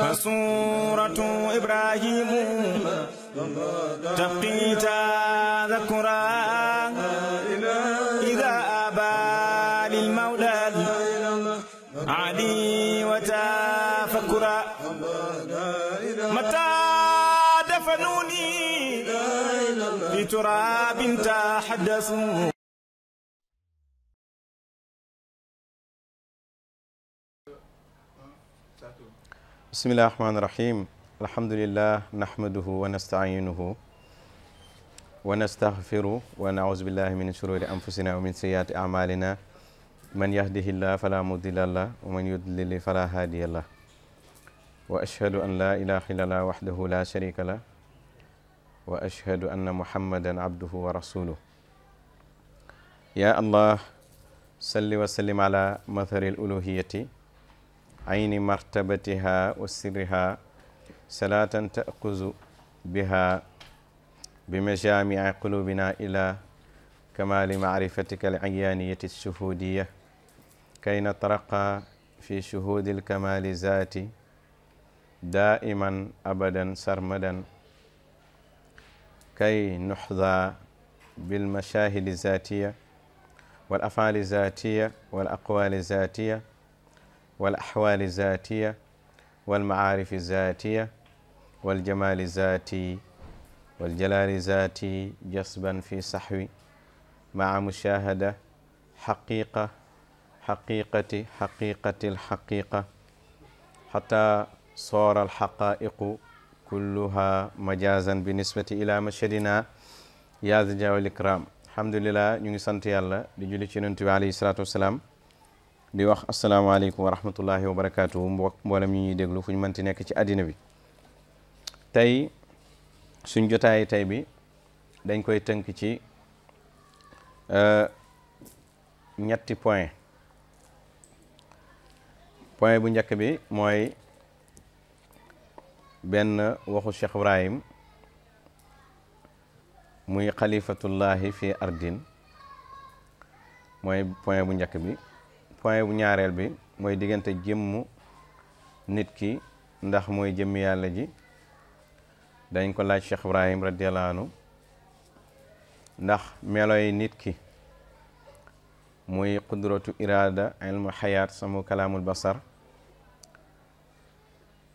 فسورة إبراهيم تبقي تذكرا إذا أبى للمولى علي وتفكرا متى دفنوني في تراب تحدثوا بسم الله الرحمن الرحيم الحمد لله نحمده ونستعينه ونستغفره ونعوذ بالله من شرور أنفسنا ومن سيئات أعمالنا من يهده الله فلا مضل له ومن يضلل فلا هادي له وأشهد أن لا إله إلا الله وحده لا شريك له وأشهد أن محمدا عبده ورسوله يا الله صل وسلم على مثل الألوهية عين مرتبتها وسرها صلاة تأخذ بها بمجامع قلوبنا إلى كمال معرفتك العيانية الشهودية كي نترقى في شهود الكمال ذاتي دائما أبدا سرمدا كي نحظى بالمشاهد الذاتية والأفعال الذاتية والأقوال الذاتية والأحوال الذاتية والمعارف الذاتية والجمال الذاتي والجلال الذاتي جصبا في صحوي مع مشاهدة حقيقة حقيقة حقيقة الحقيقة حتى صار الحقائق كلها مجازا بالنسبة إلى مشهدنا يا ذا الجلال والإكرام الحمد لله ñu ngi sant yàlla di عليه ci yonent di wax asalaamaaleykum wa rahmatullahi wa barakaatu mbolam ñu ñuy déglu fu ñu mënti nekk ci àddina bi tey suñ jotaayi tey bi dañ koy tënk ci ñetti point point bu njëkk bi mooy benn waxu Cheikh Ibrahim muy xalifatullahi fi ardin mooy point bu njëkk bi point bu ñaarel bi moy digënté jëm nit ki ndax moy jëm yàlla ji dañ ko laaj Cheikh Ibrahim radiyallahu anhu ndax meloy nit ki moy qudratu irada ilmu hayat samu kalamul basar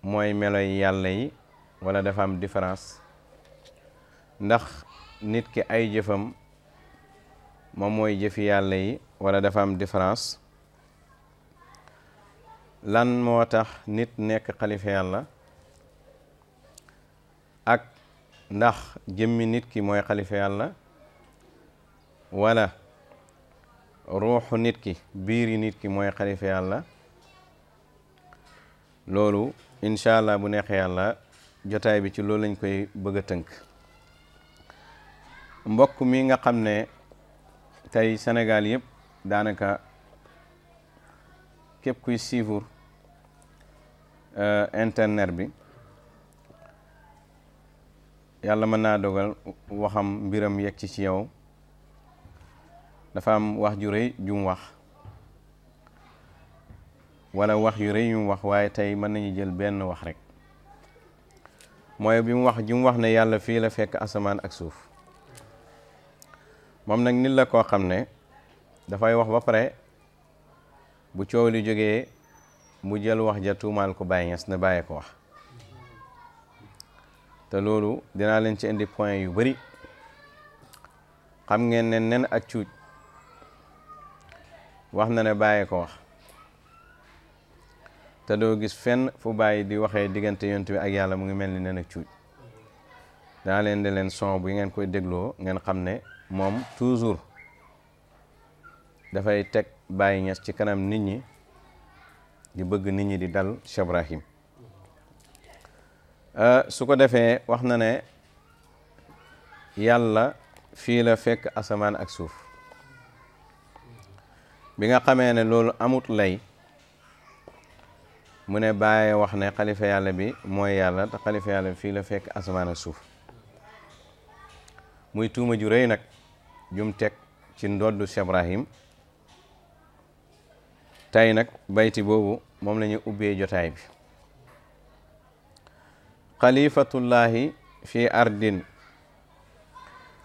mooy meloy yàlla yi wala dafa am différence ndax nit ki ay jëfëm mom moy jëf yàlla yi wala dafa am différence lan moo tax nit nekk xalifa yàlla ak ndax jëmmi nit ki mooy xalifa yàlla wala ruuxu nit ki biiri nit ki mooy xalifa yàlla loolu incha allah bu neexee yàlla jotaay bi ci loolu lañ koy bëgg a tënk mbokk mi nga xam ne tey senegal yëpp daanaka képp kuy suivre euh, internet bi yàlla mën naa dogal waxam mbiram yegg ci ci yow dafa am wax ju rëy ju wax wala wax yu rëy yu mu wax waaye tey mën nañu jël benn wax rek mooy bi mu wax ji wax ne yàlla fii la fekk asamaan ak suuf moom nag nit la koo xam ne dafay wax ba pare bu coow li jógee mu jël wax ja tuumaal ko bàyyi Niass na bàyyee ko wax te loolu dinaa leen ci indi point yu bari xam ngeen ne nen ak cuuj wax na ne bàyyee ko wax te doo gis fenn fu bàyyi di waxee diggante yont bi ak yàlla mu ngi mel ni nen ak cuuj daa leen di leen son bu ngeen koy dégloo ngeen xam ne moom toujours dafay teg Baye Niass ci kanam nit ñi di bëgg nit ñi di dal Cheikh euh, su ko defee wax na ne yàlla fii la fekk asamaan ak suuf bi nga xamee ne loolu amut lay mu ne Baye wax ne xalifa yàlla bi mooy yàlla te xalifa yàlla bi fii la fekk asamaan ak suuf muy tuuma ju rëy nag jum teg ci ndoddu Cheikh tey nag bayti boobu moom lañuy ñu ubbee jotaay bi xalifatullahi fi ardin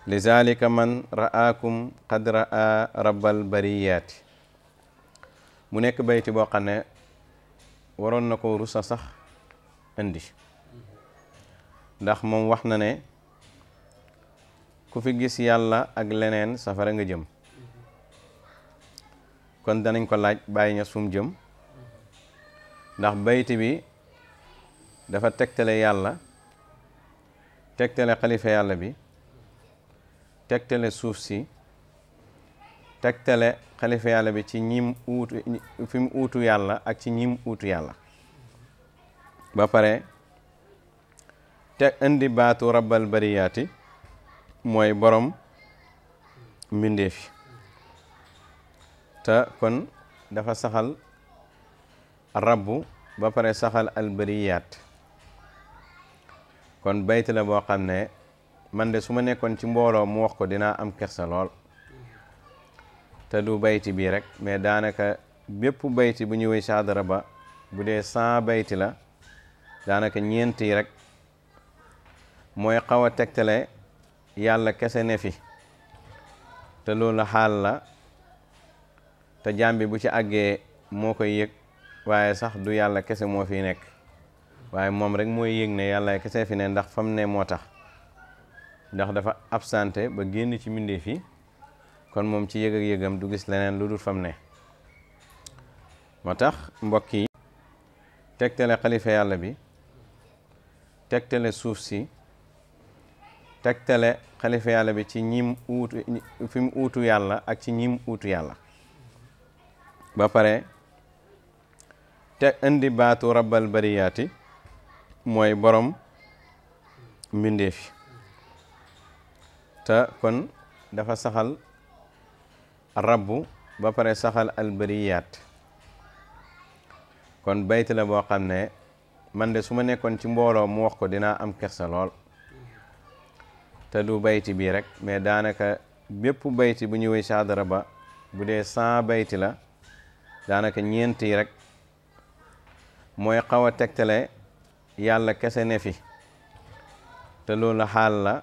lizalika man ra'aakum qad ra'a rabbal bariyaati mu nekk bayti boo xam ne waroon na ko rusa sax indi ndax moom wax na ne ku fi gis yàlla ak leneen safara nga jëm kon danañ ko laaj bàyyi Niass fu jëm ndax bayti bi dafa tegtale yàlla tegtale xalifa yàlla bi tegtale suuf si tegtale xalifa yàlla bi ci ñim uutu fi mu uutu yàlla ak ci ñim uutu yàlla ba pare te indi baatu rabal bariyaati mooy borom mbindeef te kon dafa saxal rabbu ba pare saxal albariyat kon bayt la boo xam ne man de su ma nekkoon ci mbooloo mu wax ko dinaa am kersa lool te du bayti bii rek mais daanaka bépp bayti bu ñu woy saadara ba bu dee cent bayti la daanaka ñeent yi rek mooy xaw a tegtale yàlla kese ne fi loolu xaal la te jaam bi bu ci àggee moo koy yëg waaye sax du yàlla kese moo fi nekk waaye moom rek mooy yëg ne yàlla kese fi ne ndax fam ne moo tax ndax dafa absenté ba génn ci mbindeef yi kon moom ci yëg ak yëgam du gis leneen lu dul fam ne moo tax mbokk yi tegtale xalifa yàlla bi tegtale suuf si tegtale xalifa yàlla bi ci ñim uutu fi mu uutu yàlla ak ci ñim uutu yàlla ba pare te indi baatu rabbal bariyaati mooy borom mbindeef te kon dafa saxal rabbu ba pare saxal albariyaat kon bayt la boo xam ne man de su ma nekkoon ci mbooloo mu wax ko dinaa am kersa lool te du bayti bii rek mais daanaka bépp bayti bu ñëwee saadara ba bu dee saa bayti la daanaka ñeent yi rek mooy xaw a tegtale yàlla kese ne fi te loolu xaal la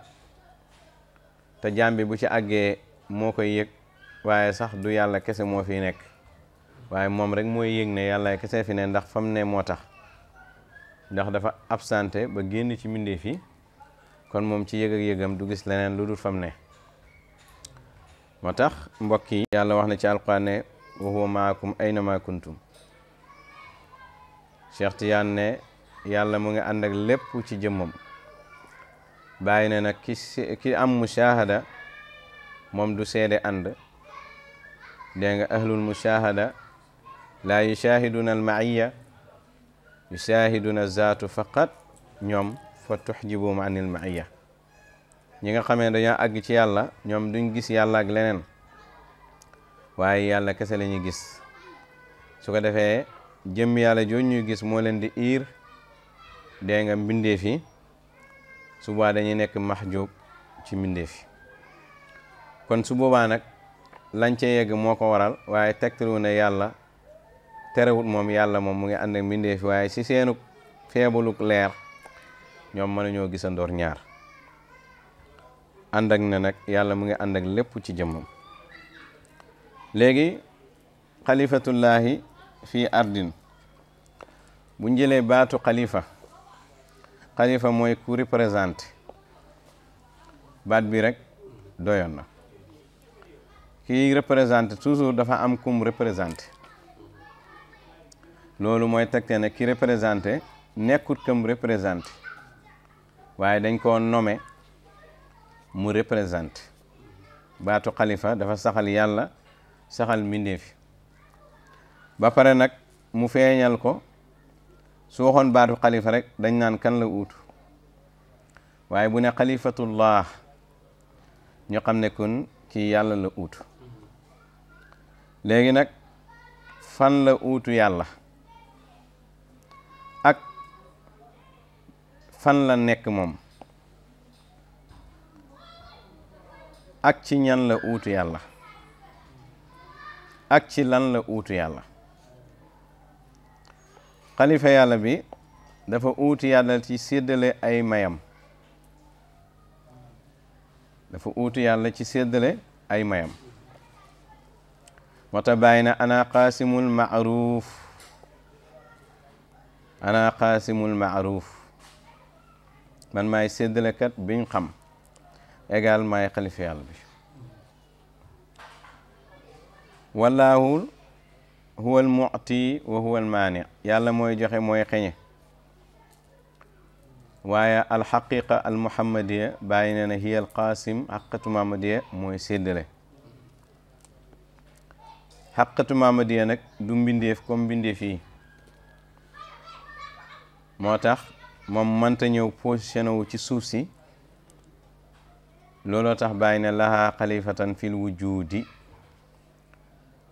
te jaam bu ci àggee moo koy yëg waaye sax du yàlla kese moo fi nekk waaye moom rek mooy yëg ne yàlla kese fi ne ndax fam ne moo tax ndax dafa absenté ba génn ci mbindeef yi kon moom ci yëg ak du gis leneen lu dul fam ne moo tax mbokk yi yàlla wax na ci alquran ne wa huwa aina ma kuntum Cheikh Tiyaan ne yàlla mu ngi ànd ak lepp ci jëmmam bayina na ki ki am mushahada mom du sédé and de nga ahlul mushahada laa yushahiduna ma'iyya yushahiduna zaatu faqat ñom fa tuhjibu an ma'iyya ñi nga xamé dañu ag ci yalla ñom duñ gis yalla ak lenen waye yalla kessé la gis su ko defee jëm yalla jooju ñuy gis mo leen di ir dee nga mbindeef fi su ba dañuy nekk maxjuub ci fi kon su boba nak lañ ci yegg moko waral waaye tegtalu ne yàlla terewut mom yalla mom mu ngi and ak fi waye ci si seenuk feebaluk ñom mëna ñoo gisandor ñaar ànd ak ne nak yalla mu ngi ak ci jëmum léegi xalifatullaahi fii ardin buñ jëlee baatu xalifa xalifa mooy ku représenté baat bi rek doyoon na kii toujours dafa am kum représenté loolu mooy tegte ne ki représenté nekkut kam représenté waaye dañ koo nome mu représenté baatu xalifa dafa saxal yàlla saxal mbindeef ba pare nag mu feeñal ko su baatu xalifa rek dañ naan kan la uutu waaye bu ne xalifatullah ñu xam ne kon kii yàlla la uutu léegi nag fan la uutu yàlla ak fan la nekk moom ak ci ñan la uutu yàlla ak ci lan la uutu yàlla xalifa yàlla bi dafa uutu yàlla ci séddale ay mayam dafa uutu yàlla ci séddale ay mayam moo tax na ana qaasimul maaruuf ana qaasimul maaruuf man maay séddalekat biñ xam égal maay xalifa yàlla bi wallaahu huwa al mu'ti wa huwa al maani yàlla mooy joxe mooy waya al alxaqiqa al muhammadiyya bàyyi na hiya al qasim xaqatu muhammadiya mooy séddale xaqatu muhammadiya nag du mbindeef comme mbindeef yi moo tax moom mënta ñëw positionné wu ci suuf si tax bàyyi na lahaa fil wujudi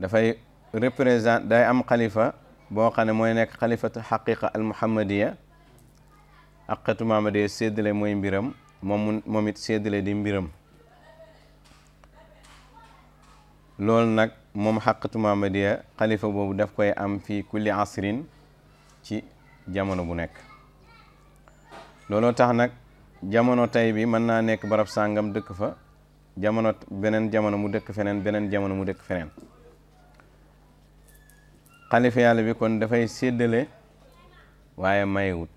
dafay représente day am xalifa boo xam ne mooy nekk xalifatu xaqiqa al muhammadiya aqatu maamadiya séddale mooy mbiram moom moom it séddale di mbiram loolu nag moom xaqatu maamadiya xalifa boobu daf koy am fii kulli asrin ci jamono bu nekk looloo tax nag jamono tey bi mën naa nekk barab sàngam dëkk fa jamono beneen jamono mu dëkk feneen beneen jamono mu dëkk feneen xalifa yàlla bi kon dafay séddale waaye mayewut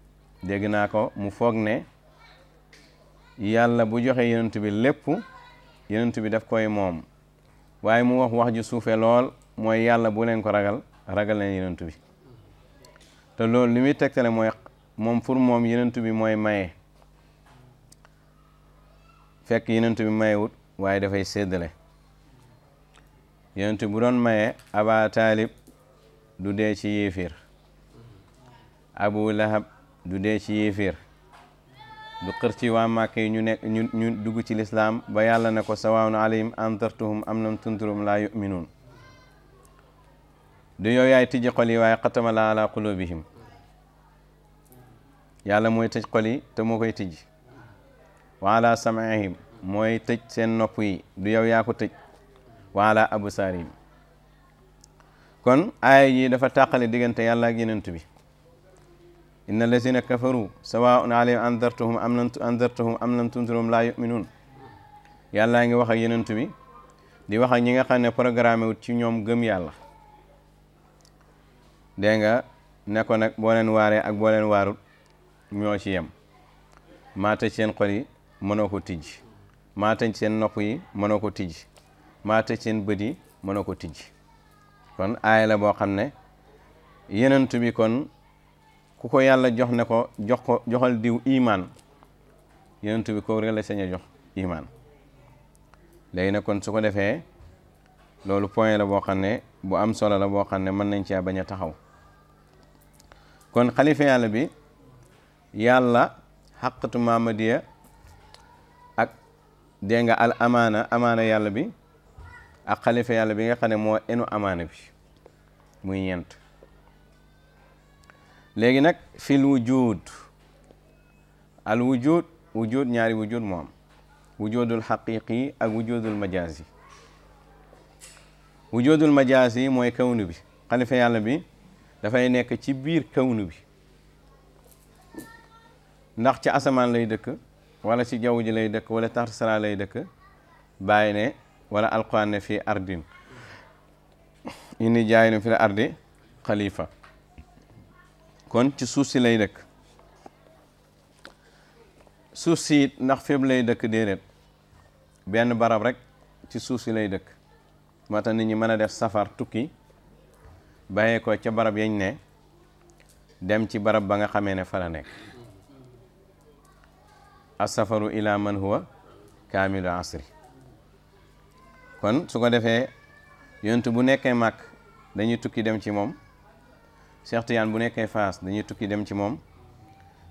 dégg naa ko mu foog ne yàlla bu joxe yonent bi lépp yonent bi daf koy moom waaye mu wax wax ju suufe lool mooy yàlla bu leen ko ragal ragal leen yonent bi te loolu li muy tegtale mooy moom pour moom yonent bi mooy maye fekk yonent bi mayewut waaye dafay séddale yonent bu doon maye aba taalib du dee ci yéeféer abu lahab du dee ci yéeféer du xër waa màkk yi ñu nekk ñu dugg ci lislaam ba yàlla ne ko sawaawun alayhim antartuhum am na tunturum laa yuminuun du yow yaay tijji xol yi waaye la ala qulubihim yàlla mooy tëj xol yi te moo koy tijji wa samaihim mooy tëj seen nopp yi du yow yaa ko tëj wa ala kon aaya ji dafa tàqale diggante yàlla ak yenent bi inna allazina kafaru sawaun alayhim andartuhum am lam andartuhum am nan tundirum laa yuminuun yàllaa ngi wax ak yenent bi di wax ak ñi nga xam ne programme wut ci ñoom gëm yàlla dégg nga ne ko nag boo leen waaree ak boo leen waarut ñoo ci yem maa tëj seen xol yi mënoo ko tijj maa tëj seen nopp yi mënoo ko tijj maa seen bët yi mënoo ko tijj kon aaya la boo xam ne yenentu bi kon ku ko yàlla jox ne ko jox ko joxal diw imaan yenentu bi ko rek la sañ a jox imaan léegi nag kon su ko defee loolu point la boo xam ne bu am solo la boo xam ne mën nañ cee bañ a taxaw kon xalifa yàlla bi yàlla xaqatu mamadiya ak dégg nga al amaana amaana yàlla bi ak xalifa yàlla bi nga xam ne moo enu amaana bi muy ñeent léegi nag fil wujud al wujud wujud ñaari wujud moo am wujudul xaqiqi ak wujudul majaasi wujudul majaasi mooy kawnu bi xalifa yàlla bi dafay nekk ci biir kawnu bi ndax ci asamaan lay dëkk wala ci jaww ji lay dëkk wala taxta lay dëkk bàyyi ne wala alquran ne fii ardin inni jaayilun fi la ardi xalifa kon ci suuf si lay dëkk suuf si ndax fépp lay dëkk déedéet benn barab rek ci suuf si lay dëkk moo tax nit ñi mën a def safar tukki bàyyee ko ca barab yañ ne dem ci barab ba nga xamee ne fa la nekk safaru ila man huwa kaamilu asri kon su ko defee yonent bu nekkee màkk dañuy tukki dem ci moom Cheikh Tidiane bu nekkee Faas dañuy tukki dem ci moom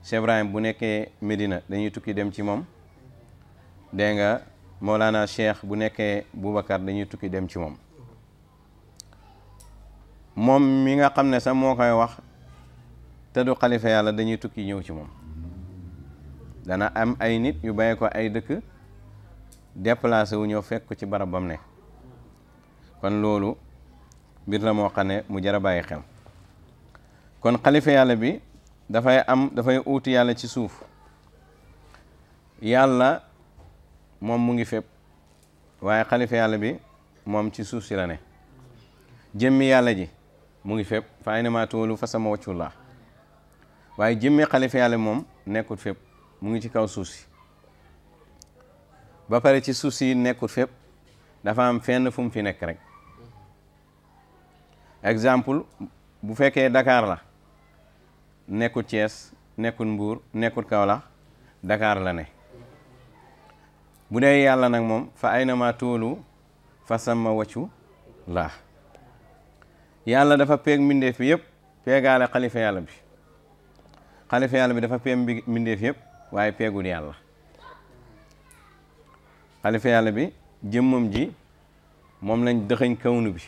Cheikh Ibrahim bu nekkee Medina dañuy tukki dem ci moom dégg nga Mawlana Cheikh bu nekkee Boubacar dañuy tukki dem ci moom moom mi nga xam ne sax moo koy wax te du xalifa yàlla dañuy tukki ñëw ci moom dana am ay nit yu bàyyi ko ay dëkk déplacé wu ñëw fekk ko ci barab bam ne kon loolu mbir la moo xam ne mu jar a bàyyi xel kon xalifa yàlla bi dafay am dafay uuti yàlla ci suuf yàlla moom mu ngi fépp waaye xalifa yàlla bi moom ci suuf si la ne jëmmi yàlla ji mu ngi fépp fa aynama tuwallu fa sama wàccullah waaye jëmmi xalifa yàlla bi moom nekkut fépp mu ngi ci kaw suuf si ba pare ci suuf si nekkul fépp dafa am fenn fu mu fi nekk rek exemple bu fekkee dakaar la nekkul Thiès nekkul Mbuur nekkul Kaolack dakaar la ne bu dee yàlla nag moom fa ay na ma toolu fa sama waccu laa yàlla dafa peeg mbindeef bi peegaale xalifa yàlla bi xalifa yàlla bi dafa peeg mbindeef yëpp waaye peegul yàlla xalifa yàlla bi jëmmam ji moom lañ dëxëñ kawnu bi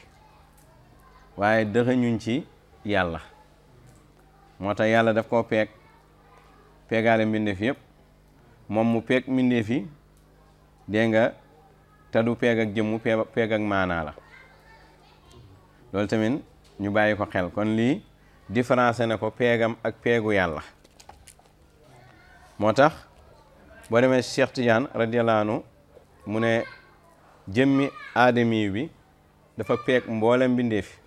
waaye dëxëñuñ ci yàlla moo tax yàlla def koo peeg peegaale mbindeef yëpp moom mu peeg mbindeef yi nga te du peeg ak jëmmu peeg ak maanaa la loolu tamit ñu bàyyi ko xel kon lii différencé ne ko peegam ak peegu yàlla moo tax boo demee Cheikh Tidiane radiyallahu mu ne jëmmi aadamiyu bi dafa peeg mboolem mbindeefi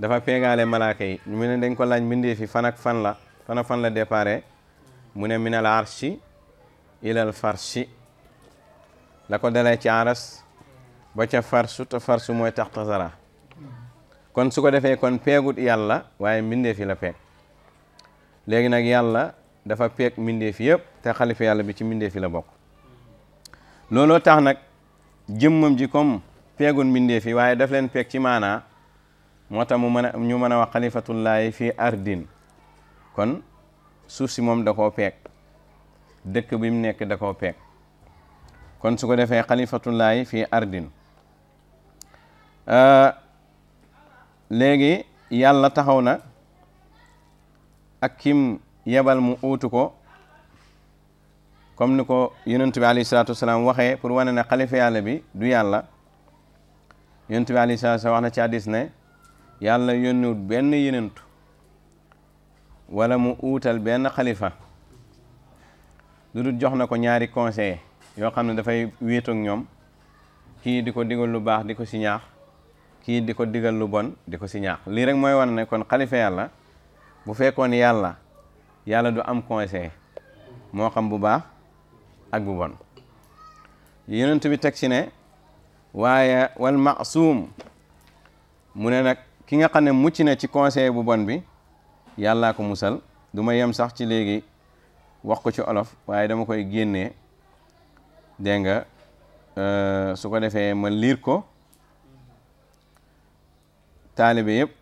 dafa peegaale malaaka yi mu ne dañ ko laaj mbindeefi fan ak fan la fan ak fan la dépare mu ne minal arshi ilal farshi la ko dalee ci aras ba ca farsu te farsu mooy taxta kon su ko defee kon peegut yàlla waaye mbindeefi la peeg léegi nag yàlla dafa peeg mbindeefi yëpp te xalifa yàlla bi ci yi la bokk looloo tax nag jëmmam ji comme peegun mbindee fi waaye daf leen peeg ci maanaa moo tax mu mën a ñu mën a wax xalifatullaahi fii ardin kon suuf si moom da koo peeg dëkk bi mu nekk da koo peeg kon su ko defee xalifatullaahi fii ardin euh, léegi yàlla taxaw na ak kim yebal mu uutu ko comme ni ko yonent bi alayhi salaatu wasalaam waxee pour wane na xalifa yàlla bi du yàlla yonent bi alayhi salaatu wax na ci ne yàlla yónniwut benn yonent wala mu uutal benn xalifa du dul jox na ko ñaari conseil yoo xam ne dafay wéetoog ñoom kii di ko digal lu baax di ko si ñaax kii di ko digal lu bon di ko si ñaax lii rek mooy wane ne kon xalifa yàlla bu fekkoon yàlla yàlla du am conseil moo xam bu baax ak bu bon yonent bi teg ci ne waaye wal maasuum mu ne nag ki nga xam ne mucc na ci conseil bu bon bi yàllaa ko musal du yem sax ci léegi wax ko ci olof waaye dama koy génnee dégg nga euh, su ko defee ma liir ko taalibe yëpp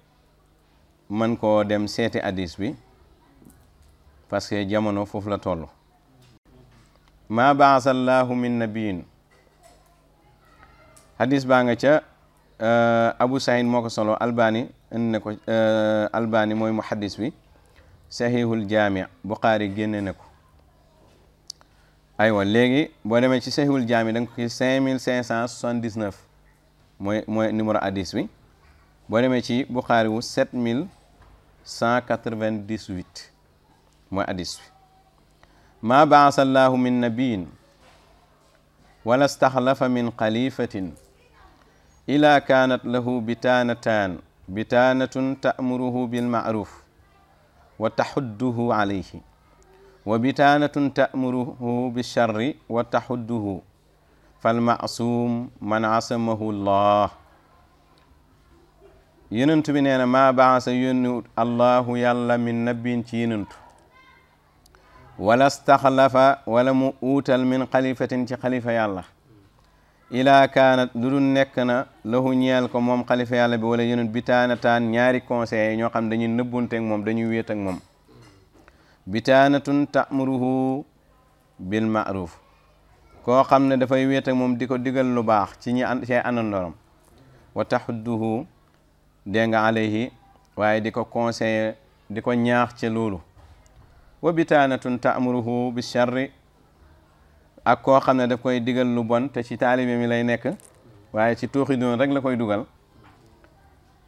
man koo dem seeti addis bi parce que jamono foofu la toll ما بعث الله من نبي حديث باغا ابو سعيد موكو صلو الباني انكو الباني موي محدث بي صحيح الجامع بخاري جننكو ايوا لغي بو ديمي سي صحيح الجامع دنج 5579 موي موي نيمورو حديث بي بو ديمي سي بخاري 7198 موي حديث بي ما بعث الله من نبي ولا استخلف من خليفة إلا كانت له بتانتان بتانة تأمره بالمعروف وتحده عليه وبتانة تأمره بالشر وتحده فالمعصوم من عصمه الله yonent bi ما بعث الله baasa yónni allahu yàlla ولا استخلف ولا مؤتل من خليفة تي خليفة يالله إلا كانت دون نكنا له نيالك موم خليفة يالله بولا ينون بيتانا تان نياري كونسي نيو خم دنيو نبون تنك موم دنيو ويت موم بيتانا تن تأمره بالمعروف كو خم ندفع ويت موم ديكو ديغل لباخ تي ني أن شيء أنن دورم وتحده دينغ عليه واي ديكو كونسي ديكو نياخ تي wa bitaanatun taamuruhu bi charri ak koo xam ne daf koy digal lu bon te ci taalibe mi lay nekk waaye ci tuuxi doon rek la koy dugal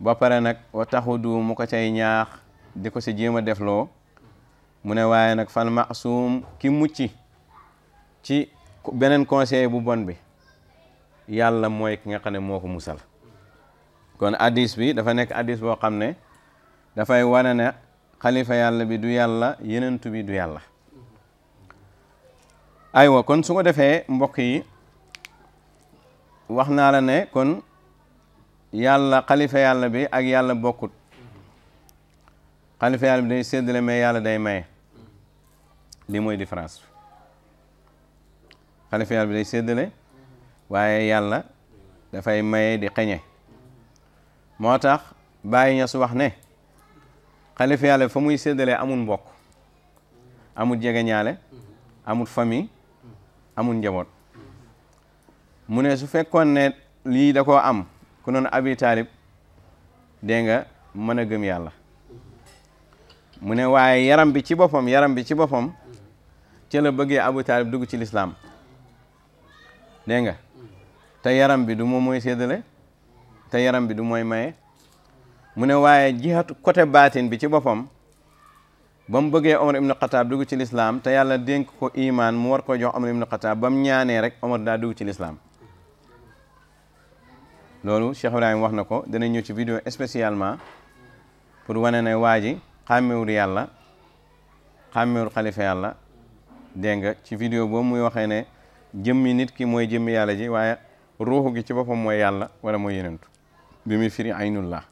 ba pare nag wa taxudu mu ko cay ñaax di ko si jéem a defloo mu ne waaye nag fal masuum ki mucc ci beneen conseil bu bon bi yàlla mooy ki nga xam ne moo ko musal kon addis bi dafa nekk addis boo xam ne dafay wane ne xalifa yàlla bi du yàlla yenentu bi du yàlla aywa kon su ko defee yi wax la ne kon yàlla xalifa yàlla bi ak yàlla bokkut xalifa yàlla day séddale mais yàlla day maye li mooy différence xalifa yàlla bi day séddale waaye yàlla dafay maye di xeñe moo tax Baay wax ne xalifa yàlla fa muy séddalee amul mbokk amul jegeñaale amul famille amul njaboot mu ne su fekkoon ne lii da koo am ku noonu abi taalib dégg nga mën a gëm yàlla mu ne waaye yaram bi ci boppam yaram bi ci boppam ca bëgge bëggee abu taalib dugg ci lislaam dégg nga te yaram bi du moom mooy séddale te yaram bi du mooy maye mu ne waaye jihatu côté baatin bi ci boppam ba mu bëggee Omar ibnu Xataab dugg ci lislaam te yàlla dénk ko imaan mu war ko jox Omar ibnu Xataab ba mu ñaanee rek Omar daa dugu ci lislaam loolu Cheikh Ibrahima wax na ko danañ ñëw ci vidéo spécialement pour wane ne waa ji xàmmewul yàlla xàmmewul xalifa yàlla dégg nga ci vidéo boobu muy waxee ne jëmmi nit ki mooy jëmmi yàlla ji waaye ruuxu gi ci boppam mooy yàlla wala mooy yenentu bi muy firi aynullah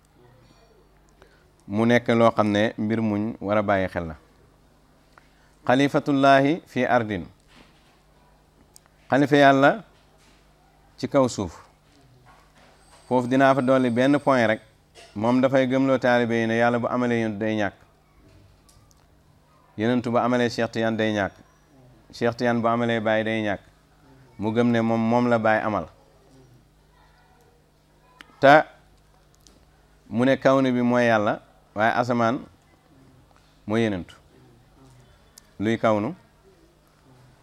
mu nekk loo xam ne mbir muñ war a bàyyi xel la xalifatullaahi fi ardin xalifa yàlla ci kaw suuf foofu dinaa fa dolli benn point rek moom dafay gëmloo taalibe yi ne yàlla bu amalee yonent day ñàkk yonentu bu amalee Cheikh Tidiane day ñàkk Cheikh Tidiane bu amalee bàyyi day ñàkk mu gëm ne moom moom la Baye amal te mu ne kaw ni bi mooy yàlla waaye asamaan mooy yenentu luy kawnu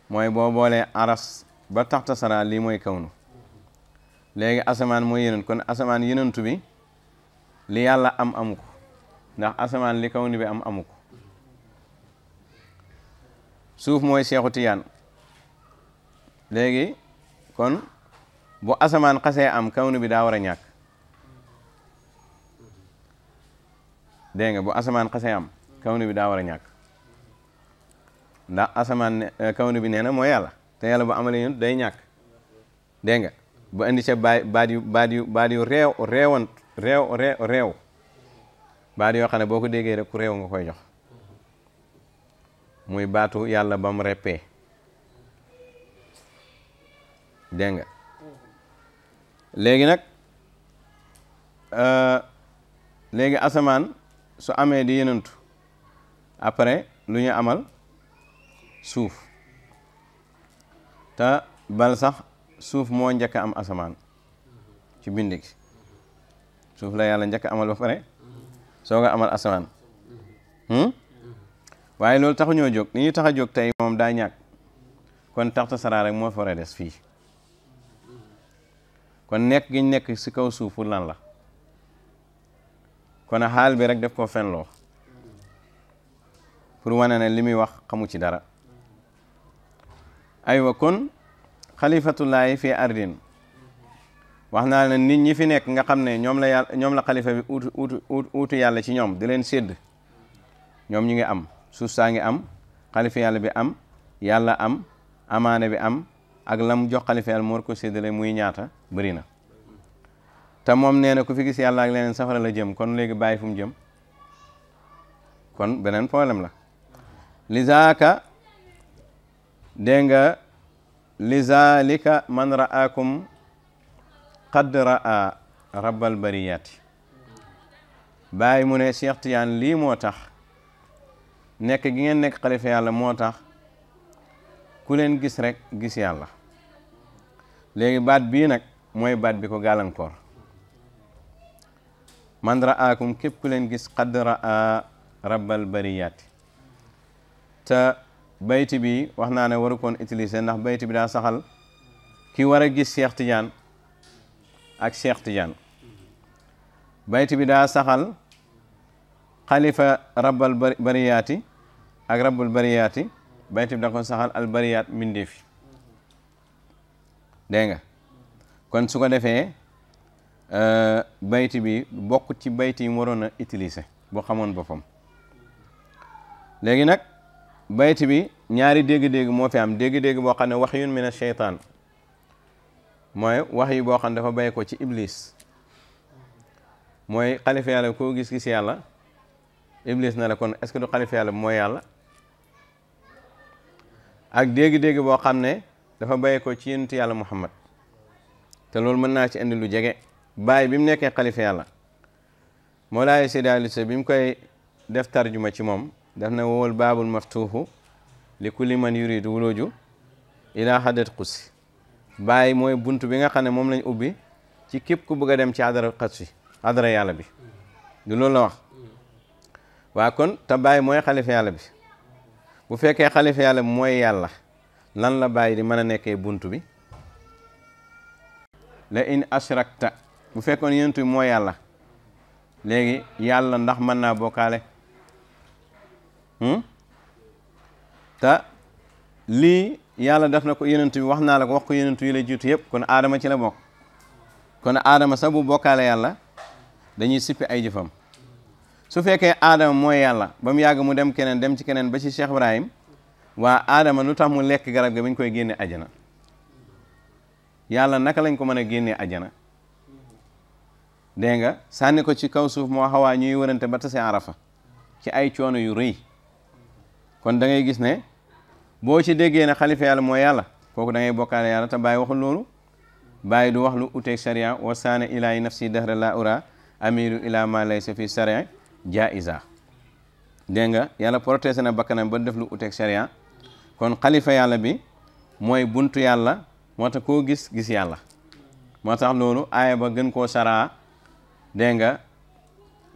mooy boo boolee aras ba taxta sara lii mooy kawnu léegi asamaan mooy yenentu kon asamaan yenentu bi li yàlla am amu ko ndax asamaan li kawnu bi am amu ko suuf mooy seexu tiyaan léegi kon bu asamaan xasee am kawnu bi daa war a ñàkk dégg nga bu asamaan xasee am kaw bi daa war a ñàkk ndax asamaan eh, kaw bi nee na mooy yàlla te yàlla bu amalee ñun day ñàkk dégg nga bu indi ca baay baat yu baat yu baat yu réew réewant réew réew baat yoo xam ne boo ko déggee rek ku réew nga koy jox muy baatu yàlla ba mu reppee dégg nga léegi nag eh, léegi asamaan su amee di yenantu après lu ñu amal suuf te bal sax suuf moo njëkk am asamaan ci bind suuf la yàlla njëkk amal ba pare soo amal asamaan hmm? waaye loolu taxu ñoo jóg li ñuy tax a jóg tey moom daa ñàkk kon taxta saraa rek moo fa des fii kon nekk gi nekk si kaw suuf pour lan la kon xaal bi rek def ko fenloo pour wane ne li muy wax xamu ci dara aywa kon xalifatullaahi fi ardin wax naa ne nit ñi fi nekk nga xam ne ñoom la yàlla ñoom la xalifa bi uutu uutu uutu yàlla ci ñoom di leen sédd ñoom ñu ngi am suuf saa ngi am xalifa yàlla bi am yàlla am amaane bi am ak lam jox xalifa yàlla mu war ko séddale muy ñaata bari na te moom nee na ku fi gis yàlla ak leneen safara la jëm kon léegi bàyyi fu jëm kon beneen problème la lizaaka dégg nga lizalika man ra'akum qad ra'a rabbal bariyati bàyyi mu ne Cheikh Tidiane lii moo tax nekk gi ngeen nekk xalifa yàlla moo tax ku leen gis rek gis yàlla léegi baat bii nag mooy baat bi ko gàllankoor man ra'aakum képp ku leen gis kaddara ra'a rabbal bariyaati te bayti bi wax naa ne waru koon utiliser ndax bayti bi daa saxal ki war a gis Cheikh Tidiane ak Cheikh Tidiane bayti bi daa saxal xalifa rabbal bariyaati ak rabbul bariyaati bayti bi da ko saxal al bariyaat mbindeef dégg kon su ko defee Euh, bayti bi bokk ci bayti yi mu waroon a utiliser boo xamoon boppam léegi nag bayti bi ñaari dégg-dégg moo fi am dégg-dégg boo xam ne wax yun min ash-shaytaan mooy wax yi boo xam ne dafa baye ko ci iblis mooy xalifa yàlla koo gis-gis yàlla iblis na la kon est que du xalifa yàlla mooy yàlla ak dégg-dégg boo xam ne dafa bàyyi ko ci yonent yàlla muhammad te loolu mën naa ci indi lu jege baay bi mu nekkee xalifa yàlla moo sidi ali sa bi mu koy def tar juma ci moom daf na wowal baabul maftuuhu li kulli man yuridu wuluju ila hadat qudsi bàyyi mooy bunt bi nga xam ne moom lañu ubbi ci képp ku bëgg a dem ci adara qudsi adara yàlla bi du loolu la wax waa kon te bàyyi mooy xalifa yàlla bi bu fekkee xalifa yàlla bi mooy yàlla lan la bàyyi di mën a nekkee bunt bi la in ashrakta bu fekkoon yonent bi moo yàlla léegi yàlla ndax mën naa bokkaale hmm? te lii yàlla def na ko yonent bi wax naa la ko wax ko yonent yi la jiitu yëpp kon aadama ci la bokk kon aadama sax bu bokkaale yàlla dañuy sippi ay jëfam su fekkee aadama mooy yàlla ba mu yàgg mu dem keneen dem ci keneen ba ci Cheikh Ibrahim waa aadama lu tax mu lekk garab gi bañ koy génne ajana yàlla naka lañ ko mën a génnee ajana denga nga sànni ko ci kaw suuf moo xawaa ñuy wërante ba tase arafa ci ay coono yu rëy kon da ngay gis ne boo ci déggee ne xalifa yàlla mooy yàlla kooku da ngay bokkaale yàlla te bàyyi waxul loolu bàyyi du wax lu uteeg sharia wa saana yi nafsi dahra la ura amiru ila ma laysa fi sharia jaiza dégg nga yàlla protégé na bakkanam ba def lu uteeg sharia kon xalifa yàlla bi mooy buntu yàlla moo tax koo gis gis yàlla moo tax loolu aaya ba gën koo saraa dégg nga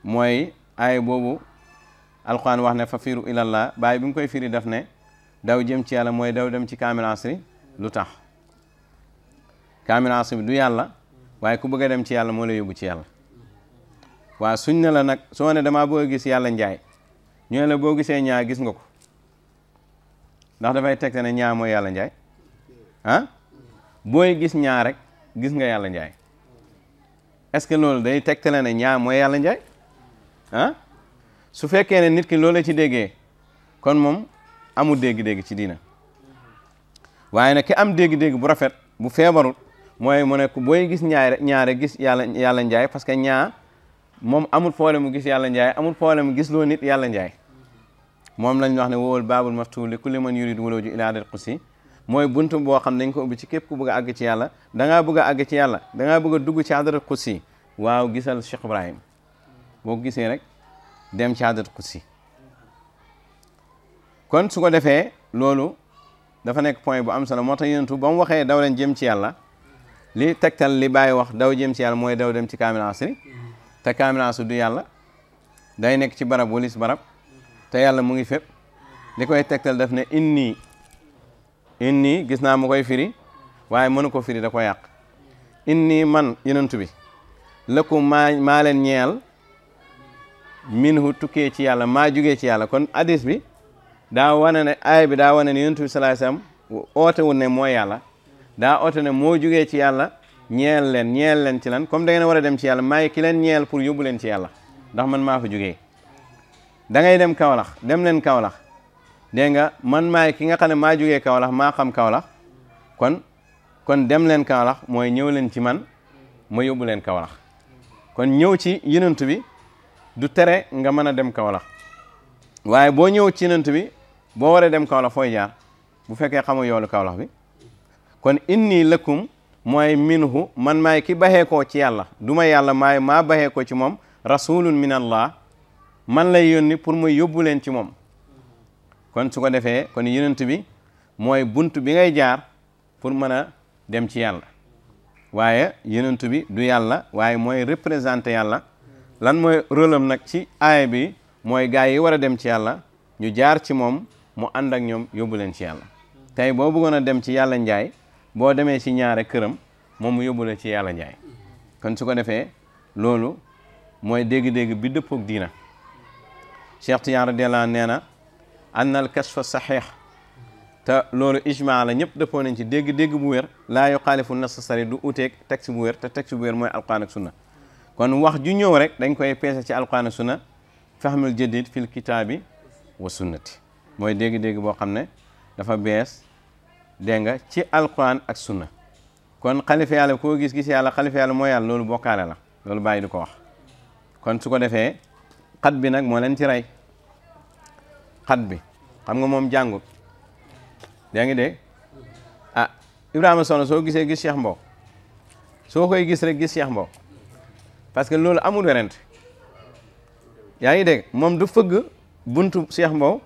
mooy aay boobu alquran wax ne fa fiiru ilallah baay bi nga koy firi def ne daw jëm ci yàlla mooy daw dem ci kaamil asri lu tax kaamil asri bi du yàlla waaye ku bëgg a dem ci yàlla moo la yóbbu ci yàlla waaw suñ ne la nag soo ne damaa bëgg a gis yàlla njaay ñu ne la boo gisee ñaa gis nga ko ndax dafay tegte ne ñaa mooy yàlla njaay ah booy gis ñaa rek gis nga yàlla njaay est-ce que loolu day tegtale ne ñaa mooy yàlla njaay ah? su fekkee ne nit ki loolu la ci déggee kon moom amul dégg-dégg ci diina waaye nag ki am dégg-dégg bu rafet bu feebarut mooy mu ne booy gis ñaare ñaare gis yàlla yàlla njaay que ñaa moom amul problème mu gis yàlla njaay amul problème mu gis loo nit yàlla njaay moom lañ wax ne wowal baabul maftuul li kulli man yurid wulooju ilaa del qusi mooy buntu boo xam nañ ko ubbi ci képp ku bëgg a àgg ci yàlla da ngaa bëgg àgg ci yàlla da bëgg dugg ci hadrat qudsi waaw gisal Cheikh Ibrahim boo gisee rek dem ci hadrat qudsi kon su ko defee loolu dafa nekk point bu am solo moo ta yonentu ba waxee daw leen jëm ci yàlla li tegtal li baay wax daw jëm ci yàlla mooy daw dem ci kaamil asri te kaamil asri du yàlla day nekk ci barab walis barab te yàlla mu ngi fépp li koy tegtal daf ne inni inni gis naa mu koy firi waaye mënu ko firi da ko yàq inni man yenent bi lëkkum maa maa leen ñeel minhu tukkee ci yàlla maa jugee ci yàlla kon hadis bi daa wane ne aay bi daa wane ne yenentu bi sallallahu alayhi wasallam oote wu ne mooy yàlla daa oote ne moo jugee ci yàlla ñeel leen ñeel leen ci lan comme da ngeen war a dem ci yàlla maay ki leen ñeel pour yóbbu leen ci yàlla ndax man maa fa jugee da ngay dem Kawlax dem leen Kawlax dégg nga man maay ki nga xam ne maa jógee Kaolack maa xam Kaolack kon kon dem leen Kaolack mooy ñëw leen ci man ma yóbbu leen Kaolack kon ñëw ci yenant bi du tere nga mën a dem Kaolack waaye boo ñëw ci yenant bi boo waree dem Kaolack fooy jaar bu fekkee xamu yoolu kawlax bi kon inni lakum mooy minhu man maay ki baxee koo ci yàlla du ma yàlla maay maa baxee ko ci moom rasulun min allah man la yónni pour mu yóbbu leen ci moom kon su ko defee kon yonent bi mooy buntu bi ngay jaar pour mën a dem ci yàlla waaye yonent bi du yàlla waaye mooy représenté yàlla lan mooy rôle am nag ci aaya bi mooy gaa yi war a dem ci yàlla ñu jaar ci moom mu ànd ak ñoom yóbbu leen ci yàlla tey boo bëggoon a dem ci yàlla njaay boo demee ci ñaare këram moom mu yóbbu la ci yàlla njaay kon su ko defee loolu mooy dégg-dégg bi dëppoog diina Cheikh Tijaan radiyallaahu anhu nee na an al kashfa saxiix te loolu ijmaa la ñëpp dëppoo nañ ci dégg-dégg bu wér laa yuxaalifu nasasari du uteeg texte bu wér te texte bu weer mooy alquran ak sunna kon wax ju ñëw rek dañ koy peese ci alquran ak sunna fahmul jadid fil kitaabi wa sunnati mooy dégg-dégg boo xam ne dafa bees dégg nga ci alquran ak sunna kon xalifa yàlla koo gis gis yàlla xalifa yàlla mooy yàlla loolu bokkaale la loolu bàyyi du ko wax kon su ko defee xat bi nag moo leen ci rey xat bi xam nga moom jàngut yaa ngi dégg ah Ibrahima Sono soo gisee gis Cheikh Mbow soo koy gis rek gis Cheikh Mbow parce que loolu amul werante yaa ngi de moom du fëgg buntu Cheikh Mbow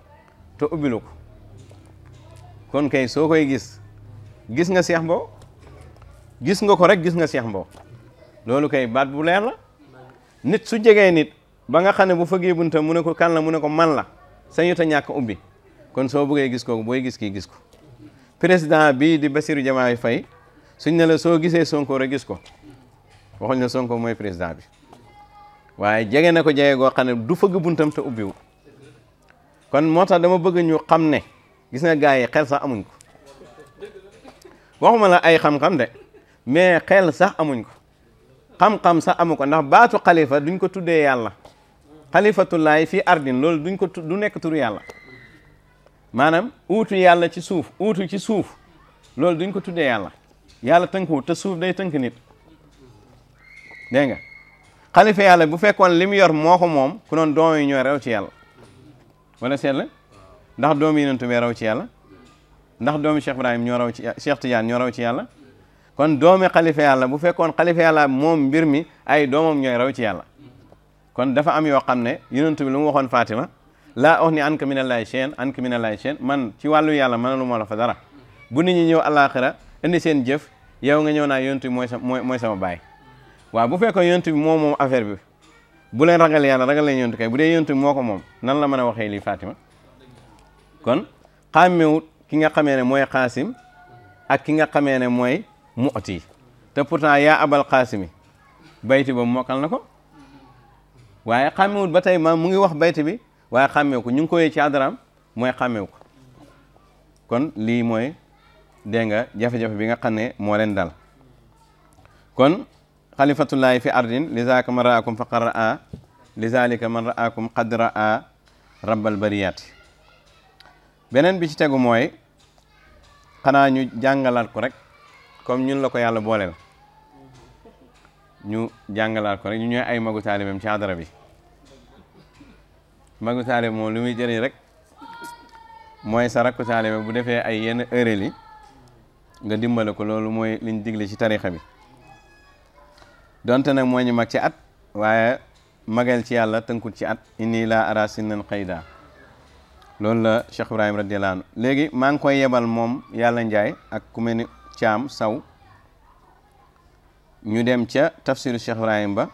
te ubbilu ko kon kay soo koy gis gis nga Cheikh Mbow gis nga ko rek gis nga Cheikh Mbow loolu kay baat bu leer la nit su jegee nit ba nga xam ne bu fëggee bunta mu ne ko kan la mu ne ko man la sañu ta ñàkk ubbi kon soo bëggee gis kooku booy gis kii gis ko président bii di Bassirou Diomaye Faye suñ ne la soo gisee Sonko rek gis ko waxuñ ne Sonko mooy président bi waaye jege na ko jege goo xam ne du fëgg buntam te ubbiwu kon moo tax dama bëgg ñu xam ne gis nga gars yi xel sax amuñ ko waxuma la ay xam-xam de mais xel sax amuñ ko xam-xam sax amu ko ndax baatu xalifa duñ ko tuddee yàlla khalifatullahi fi ardin loolu duñ ko du nek turu yàlla manam uutu yàlla ci suuf uutu ci suuf loolu duñ ko tuddé yàlla yàlla tanku te suuf day tank nit denga khalifa yàlla bu fekkoon lim yor moko mom ku non doom yi ñoy rew ci yàlla wala sel la ndax doom yi ñentume rew ci yàlla ndax doomi Cheikh Ibrahim ñoo raw ci Cheikh Tidiane ñoo raw ci yàlla kon doomi khalifa yàlla bu fekkoon khalifa yàlla mom mbir mi ay doomam ñoy raw ci yàlla kon dafa am yoo xam ne yonent bi lu mu waxoon Fatima laa wax an anka minallahi shay'an anka minallahi shay'an man ci wàllu yàlla mën lu ma la fa dara bu nit ñi ñëw àllaaxira indi seen jëf yow nga ñëw naa yonent moo mooy sa mooy sama baay waaw bu fekkoon yonent bi moo moom affaire bi bu leen ragal yàlla ragal leen yonent kay bu dee yonent moo ko moom nan la mën a waxee lii Fatima kon xàmmewut ki nga xamee ne mooy xaasim ak ki nga xamee ne mooy mu'ti te pourtant yaa abal xaasimi bayti boobu mokkal na waaye xàmmewut ba tey maam mu ngi wax bayt bi waaye xàmmeew ko ñu ngi ko ci adaraam mooy xàmmeew ko kon lii mooy dégg nga jafe-jafe bi nga xam ne moo leen dal kon xalifatullahi fi ardin lizaaka man raakum faqad raa man raakum qad raa rabbal bariyaati beneen bi ci tegu mooy xanaa ñu jàngalaat ko rek comme ñun la ko yàlla booleel ñu jàngalaat ko rek ñu ñooy ay magu taalibeem ci adara bi magu taalibe moom li muy jëriñ rek mooy sa rakku bu defee ay yenn erreur nga dimbale ko loolu mooy liñ digle ci tarixa bi donte nag moo ñu mag ci at waaye magal ci yàlla tënkut ci at indi laa ara sinnan xayda loolu la Cheikh Ibrahima radiyallahu anhu léegi maa ngi koy yebal moom yàlla njaay ak ku mel ni caam saw ñu dem ca tafsiru Cheikh Ibrahim ba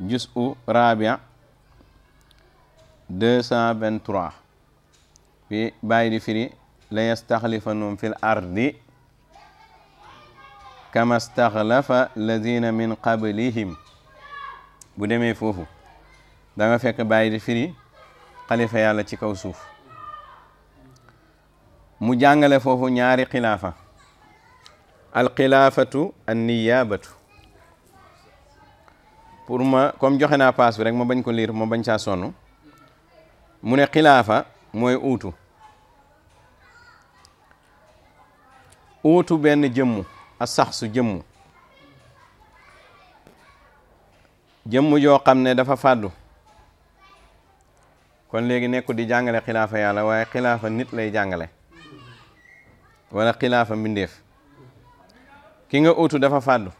jus u rabia deux cent vingt-trois fi bàyyi di firi la yastaxlifanum fil ardi kama staxlafa lazina min qablihim bu demee foofu da nga fekk bàyyi di firi xalifa yàlla ci kaw suuf mu jàngale foofu ñaari xilaafa alxilaafatu an niyaabatu pour ma comme joxe naa paas bi rek ma bañ ko liir ma bañ caa sonn mu ne xilaafa mooy uutu uutu benn jëmmu a sax su jëmmu jëmm joo xam ne dafa fàddu kon léegi nekku di jàngale xilaafa yàlla waaye xilaafa nit lay jàngale wala xilaafa mbindeef ki nga utu dafa fàddu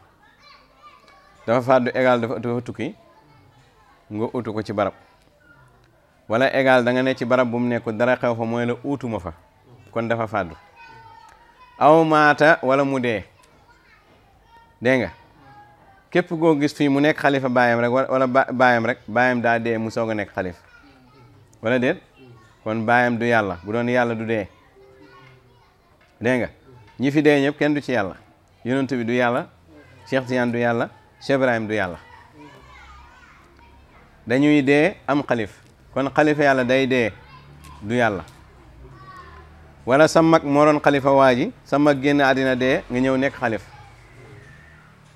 dafa fàddu égal dafa dafa tukki nga utu ko ci barab wala égal danga nekk ci barab bu mu nekk dara xew fa mooy la utu ma fa kon dafa fàddu aw maata wala mu dee dégg nga képp koo gis fi mu nekk xalifa baayam rek wala baayam rek baayam daa dee mu soog a nekk xalifa wala déet kon baayam du yàlla bu doon yàlla du dee dégg nga ñi fi dee ñëpp kenn du ci yàlla yonent bi du yàlla Cheikh Tidiane du yàlla Cheikh du yàlla dañuy dee am xalif kon xalifa yàlla day dee du yàlla wala sa mag moo doon xalifa waa ji sa mag génn àddina dee nga ñëw nekk xalif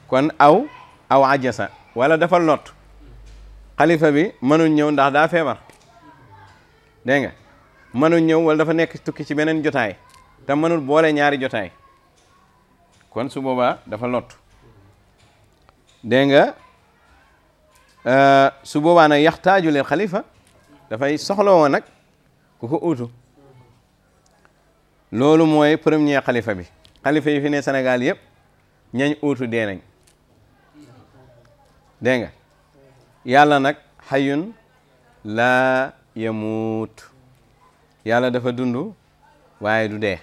kon aw aw ajasa wala dafa lot xalifa bi mënuñ ñëw ndax daa feebar dégg nga mënuñ ñëw wala dafa nekk tukki ci beneen jotaay te mënul boole ñaari jotaay kon su boobaa dafa lot dégg nga euh, su boobaa nag yaxtaaju lil xalifa dafay soxla nag ku ko uutu loolu mooy premier xalifa bi xalifa yi fi ne Sénégal yëpp ñañ uutu dee nañ dégg nga yàlla nag xayun laa yamuut yàlla dafa dundu waaye du dee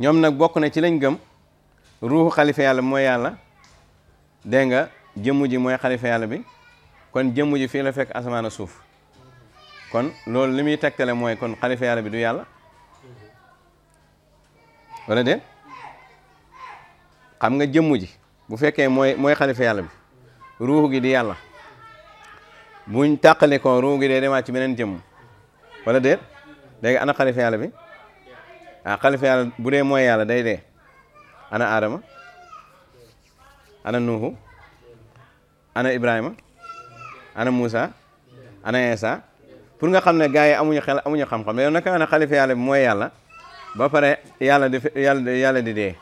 ñoom nag bokk na ci lañ gëm ruuxu xalifa yàlla bi mooy yàlla dégg nga jëmm ji mooy xalifa yàlla bi kon jëmm ji fii la fekk asamaan suuf kon loolu li muy tegtale mooy kon xalifa yàlla bi du yàlla wala déet xam nga jëmm ji bu fekkee mooy mooy xalifa yàlla bi ruuxu gi di yàlla buñ tàqali ko ruuxu gi day demaat ci beneen jëmm wala déet léegi ana xalifa yàlla bi ah xalifa yàlla bu dee mooy yàlla day dee ana Adama ana Nuhu ana Ibrahima ana Moussa ana Insa pour nga xam ne gars yi amuñu xel amuñu xam-xam yow naka na xalifa bi mooy yàlla ba pare yàlla di yàlla yàlla di dee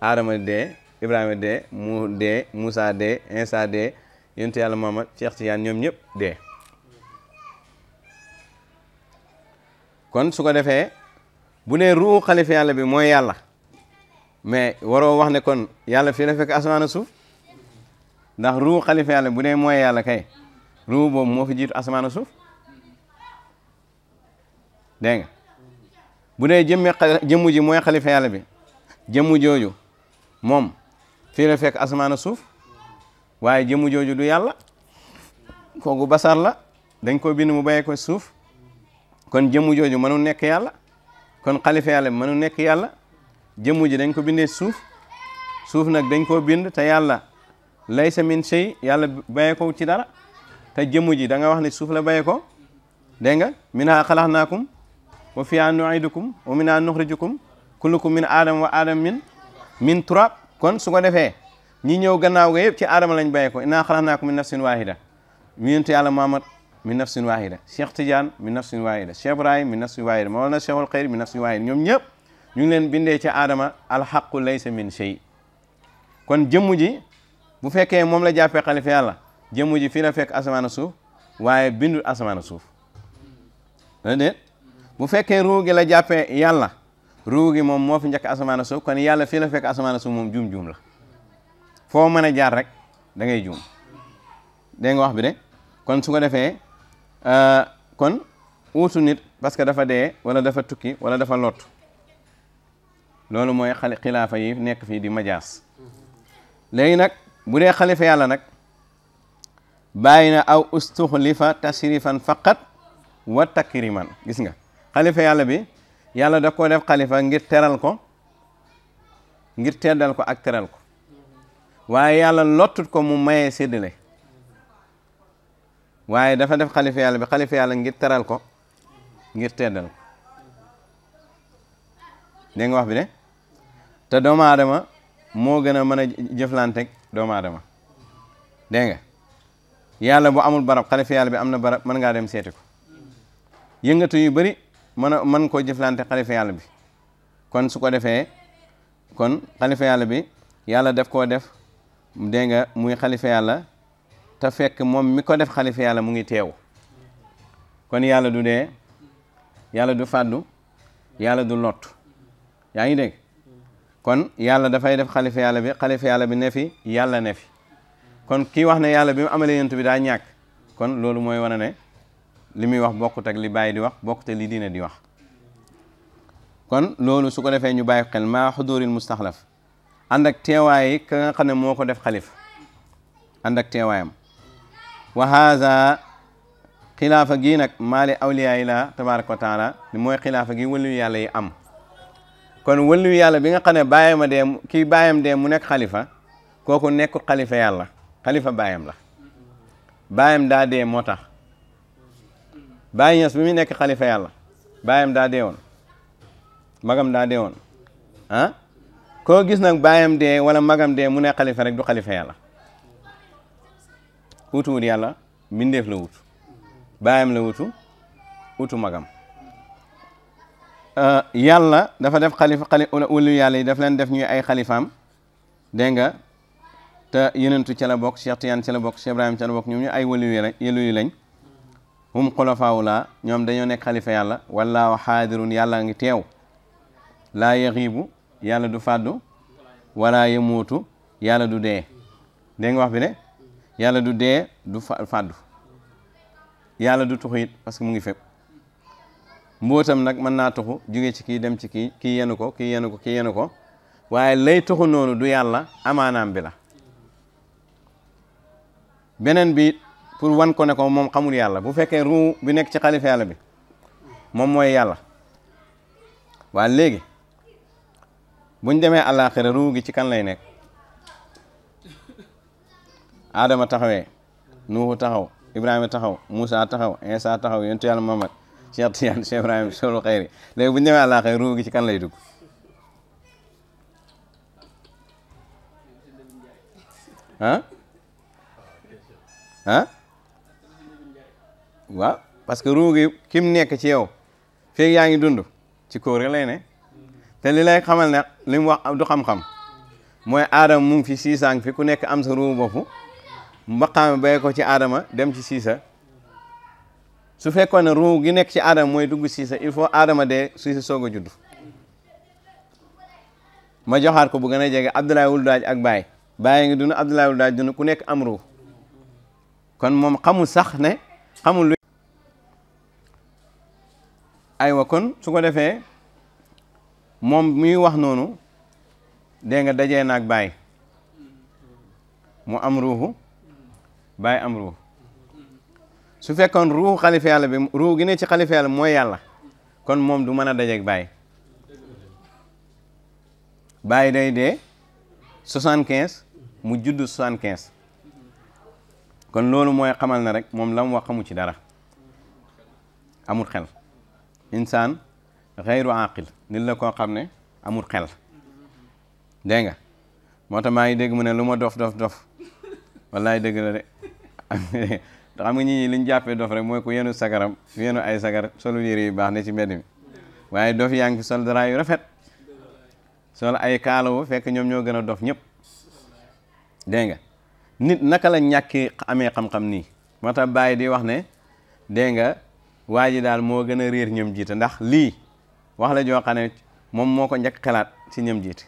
Adama di dee Ibrahima dee mu dee Moussa dee Insa dee yonentu yàlla Muhammad Cheikh Tidiane ñoom ñëpp dee kon su defee bu dee ruu xalifa yàlla bi mooy yàlla mais waroo wax ne kon yàlla fii la fekk asamaan suuf ndax ruu xalifa yàlla bu dee mooy yàlla kay ruu boobu moo fi jiitu asamaan suuf dégg nga bu dee jëmmi jëmmu ji mooy xalifa yàlla bi jëmmu jooju moom fii la fekk asamaan suuf waaye jëmmu jooju du yàlla kooku basar la dañ ko bind mu bàyyee ko suuf kon jëmmu jooju mënu nekk yàlla kon xalifa yàlla bi mënu nekk yàlla jëmm ji dañ ko bindee suuf suuf nag dañ koo bind te yàlla laysa min shay yàlla bàyyee ko ci dara te jëmm ji a nga wax ne suuf la bàyyee ko dégg nga minhaa xalaqnaakum wa fiihaa nu'iidukum wa minhaa nuxrijukum kullukum min aadama wa aadama min min turab kon su ko defee ñi ñëw gannaaw ga yëpp ci aadama lañ bàyyee ko innaa xalaqnaakum min nafsin waahida yonent yàlla Muhammad min nafsin waahida Cheikh Tidiane min nafsin waahida Cheikh Ibrahim min nafsin waahida Mawlana Cheikhul Xayr min nafsin waahida ñoom ñëpp ñu ngi leen bindee ca aadama alxaqu laysa min shay kon jëmm ji bu fekkee moom la jàppee xalifa yàlla jëmm ji fii la fekk asamaana suuf waaye bindul asamaana suuf bu fekkee ruu gi la jàppee yàlla ruu gi moom moo fi njëkk asamaana suuf kon yàlla fii la fekk asamaana suuf moom juum juum la foo mën a jaar rek da ngay juum dégg nga wax bi de kon su ko defee euh, kon uutu nit parce que dafa dee wala dafa tukki wala dafa lott loolu mooy xale xilaafa yi nekk fii di majaas léegi nag bu dee xalifa yàlla nag bàyyi na aw ustuxlifa tashrifan faqat wa takriman gis nga xalifa yàlla bi yàlla da koo def xalifa ngir teral ko ngir teddal ko ak teral ko waaye yàlla lottut ko mu mayee séddale waaye dafa def xalifa yàlla bi xalifa yàlla ngir teral ko ngir teddal ko dégg wax bi de te doomu aadama moo gën a mën a jëflanteeg doomu aadama dégg nga yàlla bu amul barab xalifa yàlla bi am na barab mën ngaa dem seeti ko yëngatu yu bari mën a mën koo jëflante xalifa bi kon su ko defee kon xalifa yàlla bi yàlla def koo def dégg nga muy xalifa yàlla te fekk moom mi ko def xalifa yàlla mu ngi teew kon yàlla du dee yàlla du fàddu yàlla du lot yaa ngi dégg kon yàlla dafay def xalifa yàlla bi xalifa yàlla bi ne fi yàlla ne fi kon kii wax ne yàlla bi mu amalee yonent bi daa ñàkk kon loolu mooy wane ne li muy wax bokkut ak li bàyyi di wax bokkut ak li diine di wax kon loolu su ko defee ñu bàyyi xel maa xuduril mustaxlaf ànd ak teewaayi ka nga xam ne moo ko def xalifa ànd ak teewaayam wa haza xilaafa gii nag maa li awliyaa yi la tabaraka wa taala ni mooy xilaafa gi wëlu yàlla yi am kon wëllu yàlla bi nga xam ne bàyyam a dee kii bàyyam dee mu nekk xalifa kooku nekkul xalifa yàlla kalifa bàyyam la bàyyam daa dee moo tax bàyyi ñas bi muy nekk xalifa yàlla bàyyam daa dee woon magam daa dee woon ah koo gis nag bàyyam de wala magam de mu nekk xalifa rek du xalifa yàlla wutu wut yàlla mbindeef la wut bàyyam la wutu wutu magam yàlla dafa def xalifa xali wulu yàlla yi daf leen def ñuy ay xalifaam dégg nga te yenentu ca la bokk Cheikh Tidiane ca la bokk Cheikh Ibrahima ca la bokk ñoom ñu ay wëluyu yëluyu lañ hum xulafaawu laa ñoom dañoo nekk xalifa yàlla wallaahu xaadirun yàlla ngi teew laa yaxiibu yàlla du fàddu wala yamuutu yàlla du dee dégg nga wax bi de yàlla du dee du fàddu yàlla du tuxit parce que mu ngi fépp mbootam nag mën naa toxu jóge ci kii dem ci ki kii yenu ko kii yenu ko kii yenu ko waaye lay toxu noonu du yàlla amaanaam bi la beneen bi pour wan ko ne ko moom xamul yàlla bu fekkee ruu bi nekk ci xalifa yàlla bi moom mooy yàlla waaye léegi buñ demee àllaaxira ruu gi ci kan lay nekk aadama taxawee nuuhu taxaw ibrahima taxaw muusa taxaw insa taxaw yontu yàlla muhammad Cheikh Tidiane Cheikh Ibrahima solu xëyri léegi bu ñu demee àllaa xëy ruu gi ci kan lay dugg ah ah waaw parce que ruu gi ki mu nekk ci yow feeg yaa ngi dund ci kóor lay ne te li lay xamal ne li mu wax du xam-xam mooy aadama mu ngi fi siisaang fi ku nekk am sa ruu bopp mbaqaam bay ko ci aadama dem ci siisa su fekkoon ne ruu gi nekk ci aadama mooy dugg si sa il faut aadama dee suy sa soog a judd ma joxaat ko bu gën a jege Abdoulaye Wul Daaj ak baay Baye ngi dund Abdoulaye Wul Daaj dund ku nekk am ruu kon moom xamul sax ne xamul lu aywa kon su ko defee moom muy wax noonu dégg nga dajee naag baay mu am ruuxu Baye am ruuxu su fekkoon ruuxu xalifa bi ruux gi ne ci xalifa yàlla mooy yàlla kon moom du mën a dajeeg bàyyi bàyyi day dee soixante quinze mu judd soixante quinze kon loolu mooy xamal na rek moom la mu wax xamu ci dara amul xel insaan xeyru aqil nit la koo xam ne amul xel dégg nga moo tax maa ngi dégg mu ne lu ma dof dof dof wallaay dëgg la de te xam nga ñi ñi liñ jàppee dof rek mooy ku yenu sagaram ku yenu ay sagar solu yére yu baax ne ci mbedd waaye dof yaa ngi fi sol dara yu rafet sol ay kaala kaalawu fekk ñoom ñoo gën a dof ñëpp dégg nga nit naka la ñàkkee amee xam-xam nii moo tax bàyyi di wax ne dégg nga waa ji daal moo gën a réer ñoom jiite ndax lii wax la joo xam moom moo ko njëkk xalaat ci ñoom jiit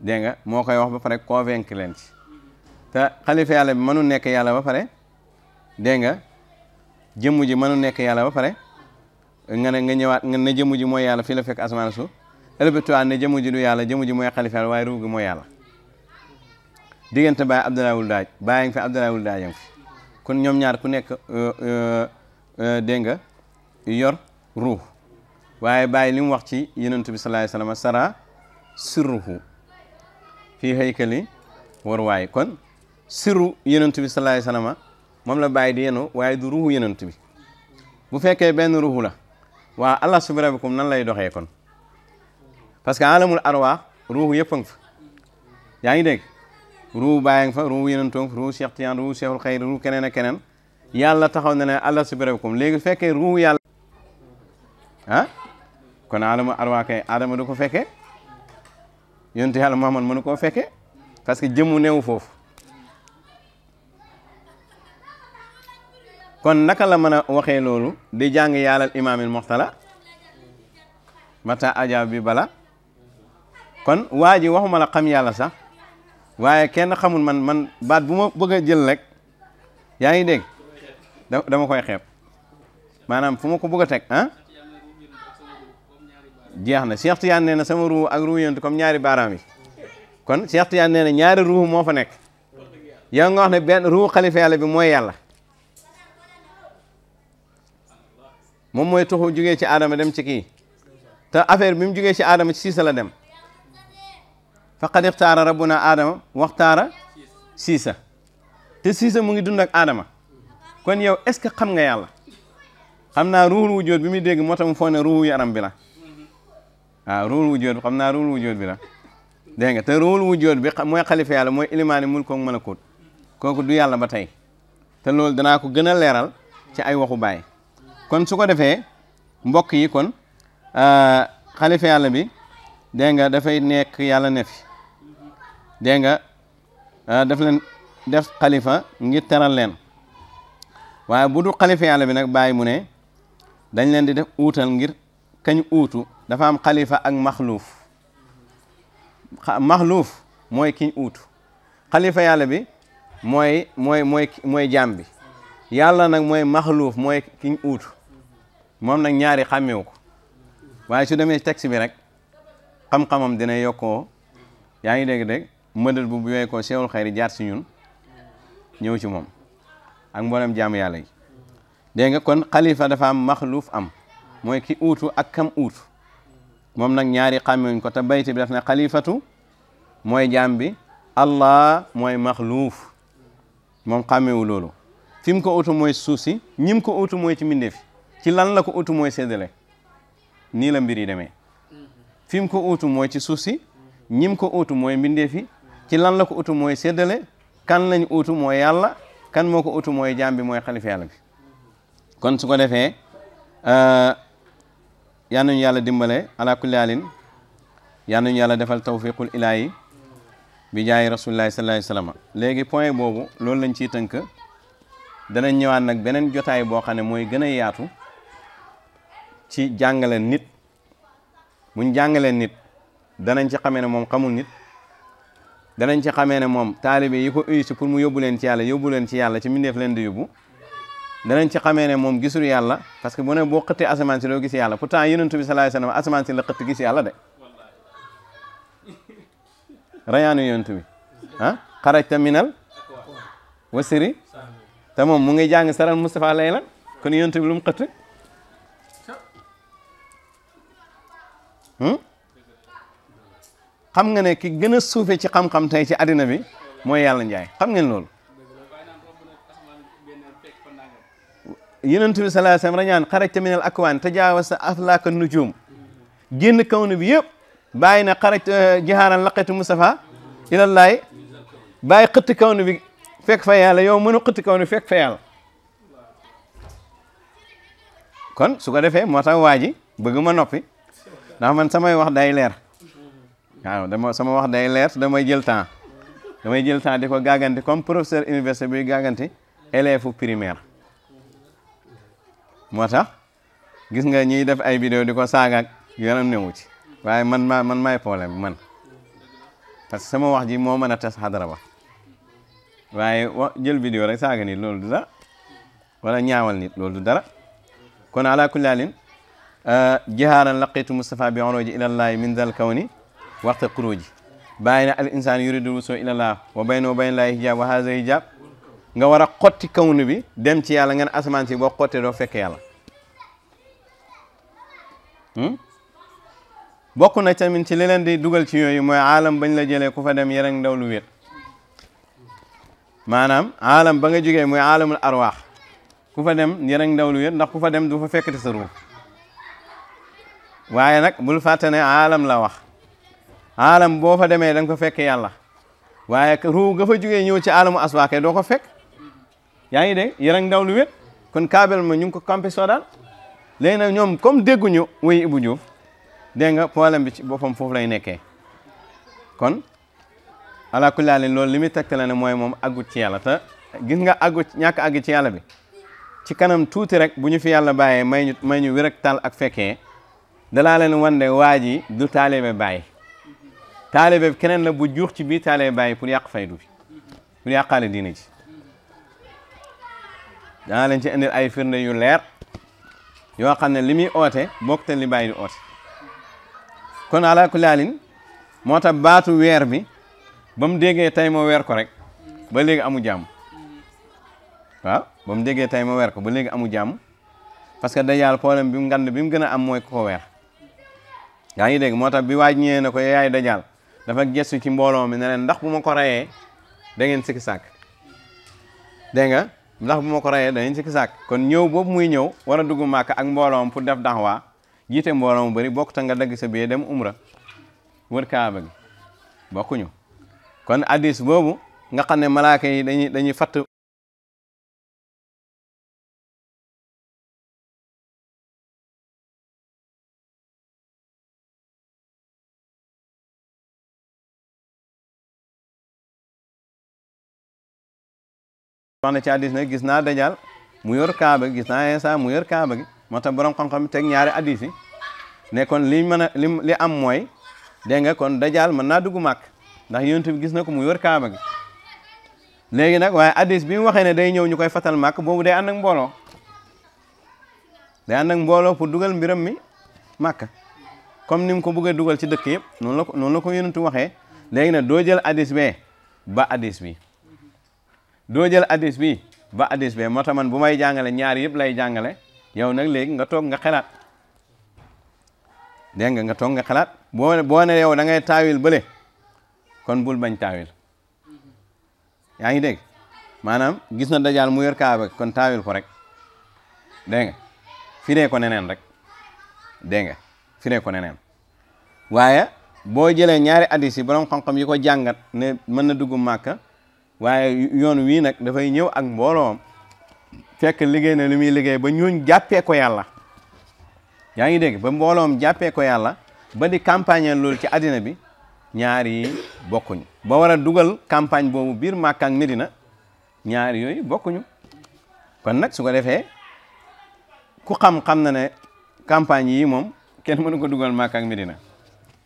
dégg nga moo koy wax ba pare convaincre leen ci te xalifa yàlla bi mënu nekk yàlla ba pare dégg nga jëmm ji mënu nekk yàlla ba pare nga ne nga ñëwaat nga ne jëmm ji mooy yàlla fii la fekk asamaan su ëlbatuwaat ne jëmm ji du yàlla jëmm ji mooy xalifa yàlla waaye ruug mooy yàlla diggante baay Abdoulaye Wul Daaj baay nga fi Abdoulaye Wul Daaj fi kon ñoom ñaar ku nekk euh, euh, euh, dégg nga yor bàyyi li mu wax ci yonent bi sallallahu alayhi sara sirruhu fii haykali war waaye kon sirru yonent bi sallallahu moom la bàyyi di yenu waaye du ruuxu yenant bi bu fekkee benn ruuxu la waa allah subhanahu wa ta'ala nan lay doxee kon parce que alamul arwa ruuxu yëpp a ngi fa yaa ngi dégg ruuxu bàyyi fa ruuxu yenantoo fa ruuxu Cheikh Tidiane ruuxu Cheikhul Xayr ruuxu keneen ak keneen yàlla taxaw na ne allah subhanahu wa ta'ala léegi fekkee ruuxu yàlla ah kon alamu arwa kay adama du ko fekkee yontu yàlla Muhammad mënu koo fekkee parce que jëmu newu foofu kon naka la mën a waxee loolu di jàng yàllal imaamil muxtala mata ajaab bi bala kon waa ji waxuma la xam yàlla sax waaye kenn xamul man man baat bu ma bëgg a jël rek yaa ngi dégg dama koy xeeb maanaam fu ma ko bëgg a teg ah jeex na Cheikh Tidiane nee na sama ruu ak ruu yontu comme ñaari baaraam yi kon Cheikh Tidiane nee na ñaari ruu moo fa nekk yaa nga wax ne benn ruu xalifa yàlla bi mooy yàlla moom mooy toxu jugee ci aadama dem ci kii te affaire bi mu jugee ci aadama ci siisa la dem faqad ixtaara rabbuna aadama waxtaara siisa te siisa mu ngi dund ak aadama kon yow est ce que xam nga yàlla xam naa ruuxul wujood bi muy dégg moo tax mu foog ne ruuxu yaram bi la waaw ruuxul wujood xam naa ruuxul wujood bi la dégg nga te ruuxul wujood bi mooy xalifa yàlla mooy ilimaani mul koog ko kooku du yàlla ba tey te loolu danaa ko gën a leeral ci ay waxu baay kon su ko defee mbokk yi kon euh, xalifa yàlla bi dégg nga dafay nekk yàlla ne fi dégg nga euh, daf leen def xalifa ngir teral leen waaye bu du xalifa yàlla bi nag bàyyi mu ne dañ leen di def uutal ngir kañ uutu dafa am xalifa ak maxluuf maxluuf mooy kiñ uutu xalifa yàlla bi mooy mooy mooy mooy bi yàlla nag mooy maxluuf mooy kiñ uutu moom nag ñaari xàmmewu ko waaye su demee texte bi rek xam-xamam dina yokkoo yaa ngi dégg dégg mëdal bu bu yooyu ko sewul xayri jaar si ñun ñëw ci moom ak mboolem jaamu yàlla yi nga kon xalifa dafa am maxluuf am mooy ki utu ak kam uutu moom nag ñaari xàmmewuñ ko te bayti bi daf ne xalifatu mooy jaam bi allah mooy maxluuf moom xàmmewu loolu fi mu ko uutu mooy suuf si ñi mu ko uutu mooy ci mbindeef ci lan la ko utu mooy séddale nii la mbir yi demee fi ko utu mooy ci suuf si ñim ko utu mooy mbindeef yi ci lan la ko utu mooy séddale kan lañ utu mooy yàlla kan moo ko utu mooy jaam bi mooy xalifa yàlla bi kon su ko defee euh, yal nañu yàlla dimbale ala kulli halin yal nañu yàlla defal tawfiqul ilaahi bi jaay rasulillahi sallallahu alayhi wasallam léegi point boobu loolu lañ ciy tënk danañ ñëwaat nag beneen jotaay boo xam ne mooy gën a yaatu ci jàngale nit buñ jàngalee nit danañ ci xamee ne moom xamul nit danañ ci xamee ne moom taalibe yi ko uysi pour mu yóbbu leen ci yàlla yóbbu leen ci yàlla ci mbindeef leen di yóbbu danañ ci xamee ne moom gisul yàlla parce que bu ne boo xëttee asamaan si doo gis yàlla pourtant yonent bi sallallahu alayhi wasallam asamaan si la xëtt gis yàlla de rayaanu yonent bi ah xarajta minal wasiri te moom mu ngi jàng saral Moustapha lay la kon yonent bi lu mu xëtt Hmm? xam nga ne ki gën a suufe ci xam-xam tey ci àddina bi mooy yàlla njaay xam ngeen loolu yonent bi sallallahu alayhi wasallam rañaan xarajta minal akwaan tajaawasa aflaaka nujum génn kawnu bi yëpp bàyyi na xaraj eh, jihaaran laqetu mustafa ilallaay bàyyi xëtt kawnu bi fekk fa yàlla yow mën a xëtt kawnu bi fekk fa yàlla kon su ko defee moo tax waa ji bëgg ma noppi ndax man samay wax day leer waaw dama sama wax day leer damay jël temps damay jël temps di ko gàgganti comme professeur université bi gàgganti élève primaire moo tax gis nga ñiy def ay vidéo di ko saagaak yoonam newu ci waaye man maa man maay problème man parce que sama wax ji moo mën a tas xadara ba waaye wa jël vidéo rek saaga ni loolu du dara wala ñaawal nit loolu dara kon ala جهارا لقيت مصطفى بعروج إلى الله من ذا الكون وقت خروجي بين الإنسان يريد الوصول إلى الله وبينه وبين الله حجاب وهذا حجاب nga war a xotti kawnu bi dem ci yàlla ngeen asamaan si boo xottee doo fekk yàlla bokk na tamit ci li leen di dugal ci yooyu mooy aalam bañ la jëlee ku fa dem yeren daw lu wér maanaam aalam ba nga jógee mooy aalamul arwaax ku fa dem yeren daw lu wér ndax ku fa dem du fa fekkati sa ruux waaye nag bul fàtte ne aalam la wax aalam boo fa demee da nga ko fekk yàlla waaye ruu ga fa jugee ñëw ci aalamu aswaake doo ko fekk yaa ngi de yërang ndaw lu wét kon kaabel ma ñu ngi ko campé sodal ñoom comme dégguñu woy Ibou Diouf dégg nga problème bi ci boppam foofu lay nekkee kon ala kulli haalin loolu li muy tegtale ne mooy moom aggut ci yàlla te gis nga aggut ñàkk agg ci yàlla bi ci kanam tuuti rek bu ñu fi yàlla bàyyee may ñu may ñu wér ak tal ak fekkee dalaa leen wan ne waa ji du taalibe Baay taalibe keneen la bu juux ci biir taalibe Baay pour yàq faydu bi pour yàqaale diina ji danaa leen ci indil ay firnde yu leer yoo xam ne li muy oote bokk te li Baay di oote kon ala laalin moo tax baatu weer bi ba mu déggee tey moo weer ko rek ba léegi amu jàmm waaw ba mu déggee tey moo weer ko ba léegi amu jàmm parce que dajal problème bi mu ngand bi mu gën a am mooy ko weer yaa ngi dégg moo ta bi waaj ñëwee na ko yaay dajaal dafa gestu ci mbooloo mi ne leen ndax bu ma ko rayee da ngeen sikki sàkk dégg nga ndax bu ma ko rayee da ngeen sàkk kon ñëw boobu muy ñëw war a dugg màkk ak mbooloom pour def daxwaa jiite mbooloo mu bëri bokk ta nga dagg sa biir dem umra wër kaaba gi bokkuñu kon addis boobu nga xam malaaka yi dañuy dañuy wax ci hadis ne gis naa dajal mu yor kaaba gis naa Insa mu yor kaaba gi moo boroom borom xam-xam teg ñaari hadis yi ne kon li mën a li li am mooy dégg nga kon dajal mën naa dugg màkk ndax yonent bi gis na ko mu yor kaaba gi léegi nag waaye hadis bi waxee ne day ñëw ñu koy fatal màkk boobu day ànd ak mbooloo day ànd mbooloo pour dugal mbiram mi makk comme ni mu ko bëggee dugal ci dëkk yëpp noonu la ko noonu la ko yonent waxee léegi nag doo jël hadis bee ba hadis bi doo jël addis bi ba addis be moo man bu may jàngale ñaar yëpp lay jàngale yow nag léegi nga toog nga xalaat dégg nga nga toog nga xalaat boo boo ne yow da ngay taawil bële kon bul bañ taawil yaa ngi dégg maanaam gis na dajaal mu yor kaaba kon taawil ko rek dégg nga firee ko neneen rek dégg nga firee ko neneen waaye boo jëlee ñaari addis borom xam-xam yi ko jàngat ne mën na dugg màkka waaye yoon wii nag dafay ñëw ak mbooloom fekk liggéey na li muy liggéey ba ñooñ jàppee ko yàlla yaa ngi dégg ba mbooloom jàppee ko yàlla ba di campagne loolu ci àddina bi ñaari yi bokkuñu ba war dugal campagne boobu biir Màkka ak Medina ñaar yooyu bokkuñu kon nag su ko defee ku xam-xam na ne campagne yi moom kenn mënu ko dugal Màkka ak Medina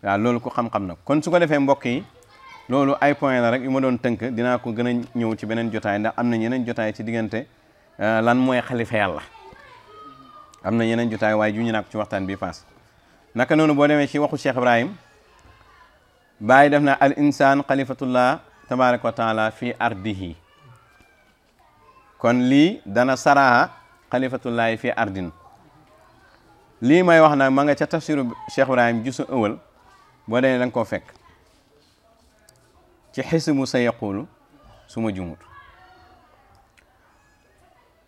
waaw loolu ku xam-xam na kon su ko defee mbokk yi loolu ay point la rek yu ma doon tënk dina ko gën a ñëw ci beneen jotaay ndax am na yeneen jotaay ci diggante euh, lan mooy xalifa yàlla am na yeneen jotaay waaye ju ñu naa ko ci waxtaan bi paas naka noonu boo demee ci waxu Cheikh Ibrahim bàyyi def na al insaan xalifatullah tabaraka wa taala fi ardihi kon lii dana saraha xalifatullahi fi ardin lii may wax naa ma nga ca tafsiru Cheikh Ibrahim jusu ëwal boo demee da nga koo fekk ci xismu sa yaqulu su ma jumut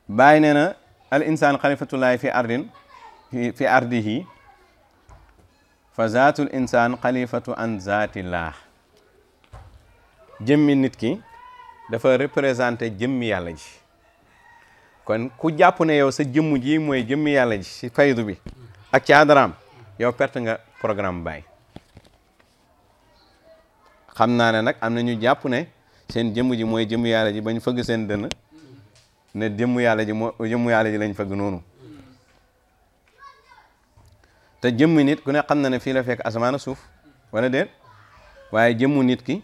bàyyi nee na al insaan xalifatullahi fi ardin fi ardihi fa zaatul insaan xalifatu an zaatillah jëmmi nit ki dafa représenté jëmmi yàlla kon ku jàpp ne sa jëmm ji mooy jëmmi yàlla ji ci faydu bi ak ci adaraam yow perte nga programme bàyyi xam naa ne nag am na ñu jàpp ne seen jëmm ji mooy jëmm yàlla ji bañ fëgg seen dënn ne jëmm yàlla ji moo jëmm yàlla ji lañ fëgg noonu te jëmm nit ku ne xam na ne fii la fekk asamaan suuf wala déet waaye jëmmu nit ki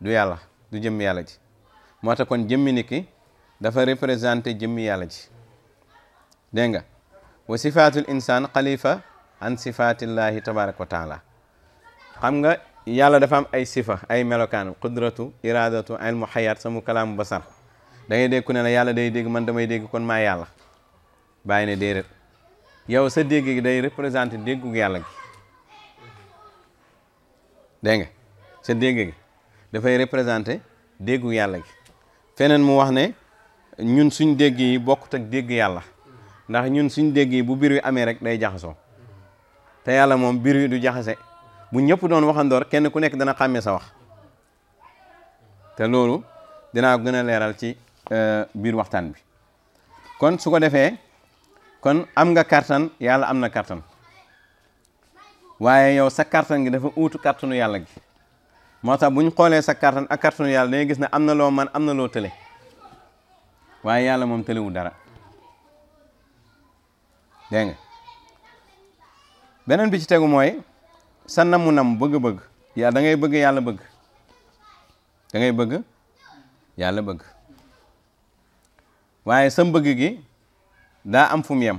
du yàlla du jëmm yàlla ji moo tax kon jëmmi nit ki dafa représenté jëmmi yàlla ji dégg nga wa sifaatul insaan xalifa an sifaatillahi tabaraka wa taala xam nga yàlla dafa am ay sifa ay melokaan qudratu iradatu ilmu xayaat samu kalaamu basar da ngay dégg ne la yàlla day dégg man damay dégg kon maa yàlla bàyyi ne déedéet yow sa dégg day représenté déggu yàlla gi dégg nga sa dégg dafay représenté déggu yàlla gi feneen mu wax ne ñun suñ dégg yi bokkut ak dégg yàlla ndax ñun suñ dégg yi bu biir wi amee rek day jaxasoo te yàlla moom biir du jaxase bu ñëpp doon waxandoor kenn ku nekk dana xàmmee sa wax te loolu dinaa gën a leeral ci euh, biir waxtaan bi kon su ko defee kon am nga kartan yàlla am na kartan waaye yow sa kartan gi dafa uutu kartanu yàlla gi moo tax bu ñu xoolee sa kartan ak kartanu yàlla dañuy gis ne am na loo man am na loo tële waaye yàlla moom tëlewu dara dégg nga beneen bi ci tegu mooy sa namu nam bëgg-bëgg yaa dangay bëgg yàlla bëgg da bëgg yàlla bëgg waaye sa bëgg gi daa am fu mu yem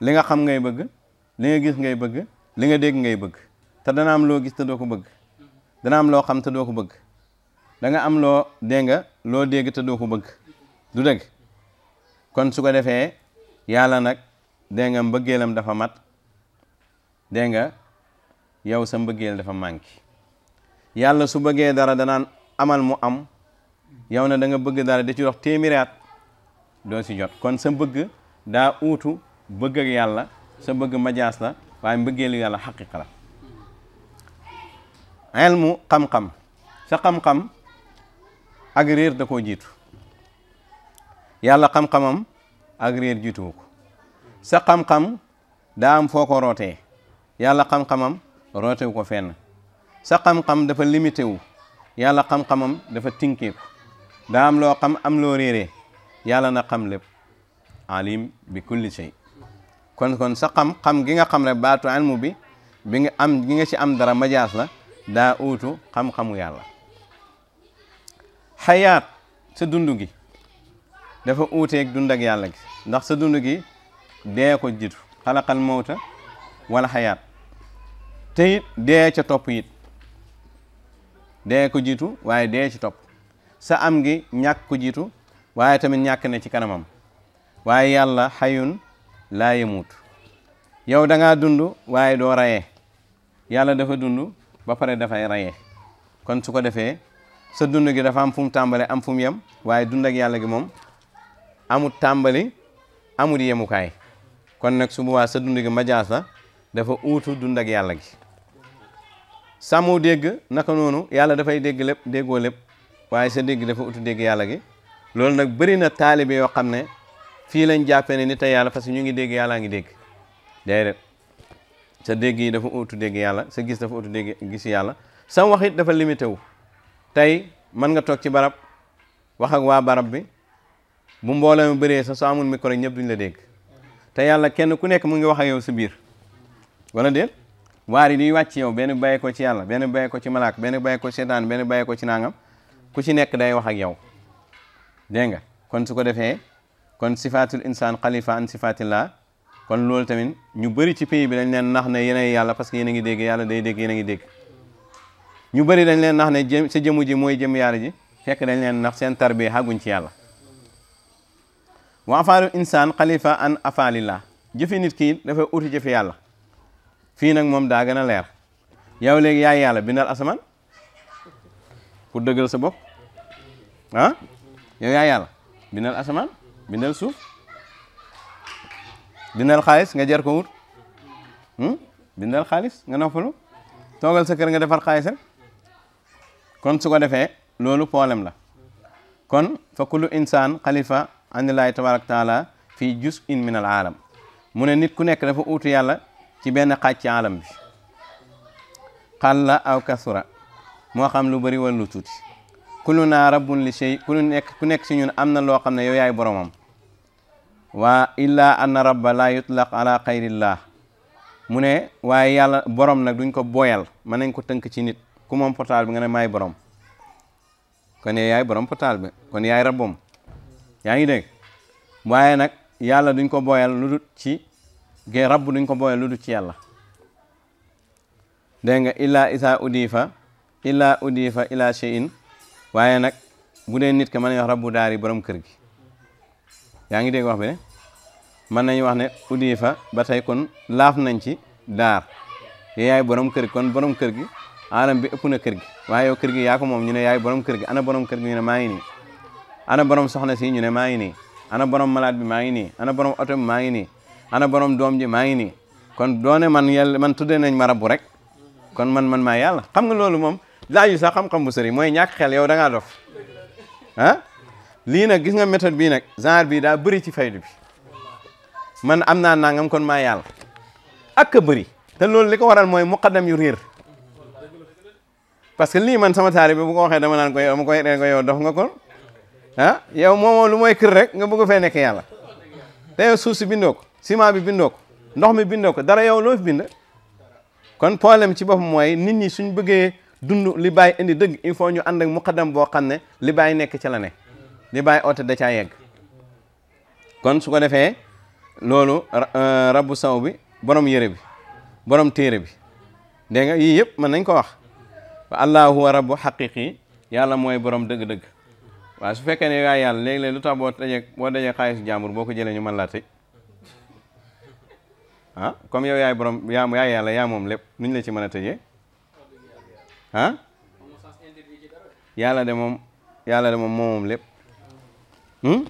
li nga xam ngay bëgg li nga gis ngay bëgg li nga dégg ngay bëgg te dana am loo gis ko bëgg dana am loo xam te doo ko bëgg danga am loo dégg loo dégg te doo ko bëgg du dëgg kon su ko defee yàlla nag dégg nga mbëggeelam dafa mat dégg yow sa mbëggee dafa manqué yàlla su bëggee dara danaan amal mu am yow na danga bëgg dara da ci dox téeméeri doo si jot kon sa bëgg daa uutu bëgg ak yàlla sa bëgg majaas la waaye mbëggeelu yàlla xaqiqa la mu xam-xam sa xam-xam ak da koo jiitu yàlla xam-xamam ak réer jiituwu ko sa xam-xam daa am foo ko rootee yàlla xam rootewu ko fenn sa xam-xam dafa limité wu yàlla xam-xamam dafa tinkeeku daa am loo xam am loo réeree yàlla na xam lépp alim bi kulli shay kon kon sa xam-xam gi nga xam rek baatu almu bi bi nga am gi nga ci am dara majaas la daa uutu xam-xamu yàlla xayaat sa dund gi dafa uuteeg dund ak yàlla gi ndax sa dund gi dee ko jiitu xalaqal mawta wala xayaat te it ca topp it dee jiitu waaye dee ci topp sa am gi ñàkk ko jiitu waaye tamit ñàkk ne ci kanamam waaye yàlla xayun laa yemuut yow da dundu waaye doo rayee yàlla dafa dund ba pare dafay rayee kon su ko defee sa dund gi dafa am fu mu tàmbale am fu yem waaye dund ak yàlla gi moom amut tàmbali amut yemukaay kon nag su boobaa sa dund gi majaas la dafa uutu dund ak yàlla gi sàmmoo dégg naka noonu yàlla dafay dégg lépp déggoo lépp waaye sa dégg dafa utu dégg yàlla gi loolu nag bëri na taalibe yoo xam ne fii lañ jàppee ni nit yàlla parce que ñu ngi dégg yàllaa ngi dégg déedéet sa dégg yi dafa utu dégg yàlla sa gis dafa utu dégg gis yàlla sam wax it dafa limité wu tey mën nga toog ci barab wax ak waa barab bi bu mbooloo mi bëree sa soo amul micro ñëpp duñ la dégg te yàlla kenn ku nekk mu ngi wax ak yow biir wala déet waar yi duy wàcc yow benn bàyyi ko ci yàlla benn bàyyi ko ci malaak benn bàyyi ko seetaan benn bàyyi ko ci nangam ku ci nekk day wax ak yow dégg nga kon su ko defee kon sifaatul insaan xalifa an sifaatillah kon loolu tamit ñu bari ci pays bi dañ leen nax ne yeneen yi yàlla parce que yéen a ngi dégg yàlla day dégg ngi dégg ñu bëri dañ leen nax ne jëm sa jëmu ji mooy jëm yàlla ji fekk dañ leen nax seen tarbiya xàgguñ ci yàlla wa afaalul insaan xalifa an afaalillah jëfe nit kii dafay uti jëfe yàlla fii nag moom daa gën a leer yow léegi yaay yàlla bindal asamaan pour dëggal sa bopp ah yow yaay bindal asamaan bindal suuf bindal xaalis nga jar ko wut hmm? bindal xaalis nga noppalu toogal sa kër nga defar xaalis kon su ko defee loolu problème la kon fa kullu insaan xalifa anilaahi tabaaraka taala fii jus in min al aalam mu ne nit ku nekk dafa uutu yàlla ci benn xaaj ci alam aw kasura moo xam lu bëri wala lu tuuti kullu naa rabbun li shay nekk ku nekk si ñun am na loo xam ne yow yaay boromam waa illaa anna rabba laa yutlaq ala xayrillah mu ne waaye yàlla borom nag duñ ko booyal mën nañ ko tënk ci nit ku moom bi nga ne maay borom kon yaay borom portable bi kon yaay rabbam yaa ngi dégg waaye nag yàlla duñ ko booyal lu dut gee rabbu duñ ko booyee lu du ci yàlla dégg nga illaa isaa udifa illaa udifa illa shay'in waaye nag bu dee nit ke mën nañu wax rabbu daari borom kër gi yaa ngi dégg wax bi ne nañu wax ne udifa ba tey kon laaf nañ ci daar yaay borom kër gi kon borom kër gi alam bi ëpp na kër gi waaye yow gi yaa ko moom ñu ne yaay borom kër gi ana borom kër gi ñu ne maa ngi nii ana borom soxna si ñu ne maa ngi nii ana borom malaat bi maa ngi nii ana borom oto bi maa ngi nii ana borom doom ji maa ngi nii kon doone man yàlla man tuddee nañ ma rek kon man man ma yàlla xam nga loolu moom laaju sax xam-xam bu mooy ñàkk xel yow da ngaa dof ah? lii nag gis nga méthode bii nag genre bii daa bëri ci faydu bi man am naa nangam kon maa yàlla ak a bëri te loolu li ko waral mooy muqaddam yu réer parce que lii man sama taalibe bu ko da dama naan ko yow dama koy ree yow dof nga kon ah? yow moomoo mooy kër rek nga bëgg fee nekk yàlla te yow suuf si bindoo ko ciment bi bindoo ko ndox mi bindoo ko dara yow loo fi bind kon problème ci boppam mooy nit ñi suñ bëggee dund li bàyyi indi dëgg il faut ñu ànd ak muqaddam boo xam ne li bàyyi nekk ci la ne li bàyyi oote da caa yegg kon su ko defee loolu euh, rabbu saw bi borom yére bi borom téere bi dégg nga yii yëpp mën nañ ko wax wa allahu wa rabbu xaqiqi yàlla mooy borom dëgg-dëgg waaw su fekkee ne yaay yàlla léegi-léeg lu tax boo dajee boo dajee xaalisu jàmbur boo ko jëlee ñu mën laa tëj ah comme yow yaay borom yaa yaay yàlla yaa moom lépp nuñ la ci mën a tëjee ah yàlla moom yàlla de moom moomoom lépp hmm?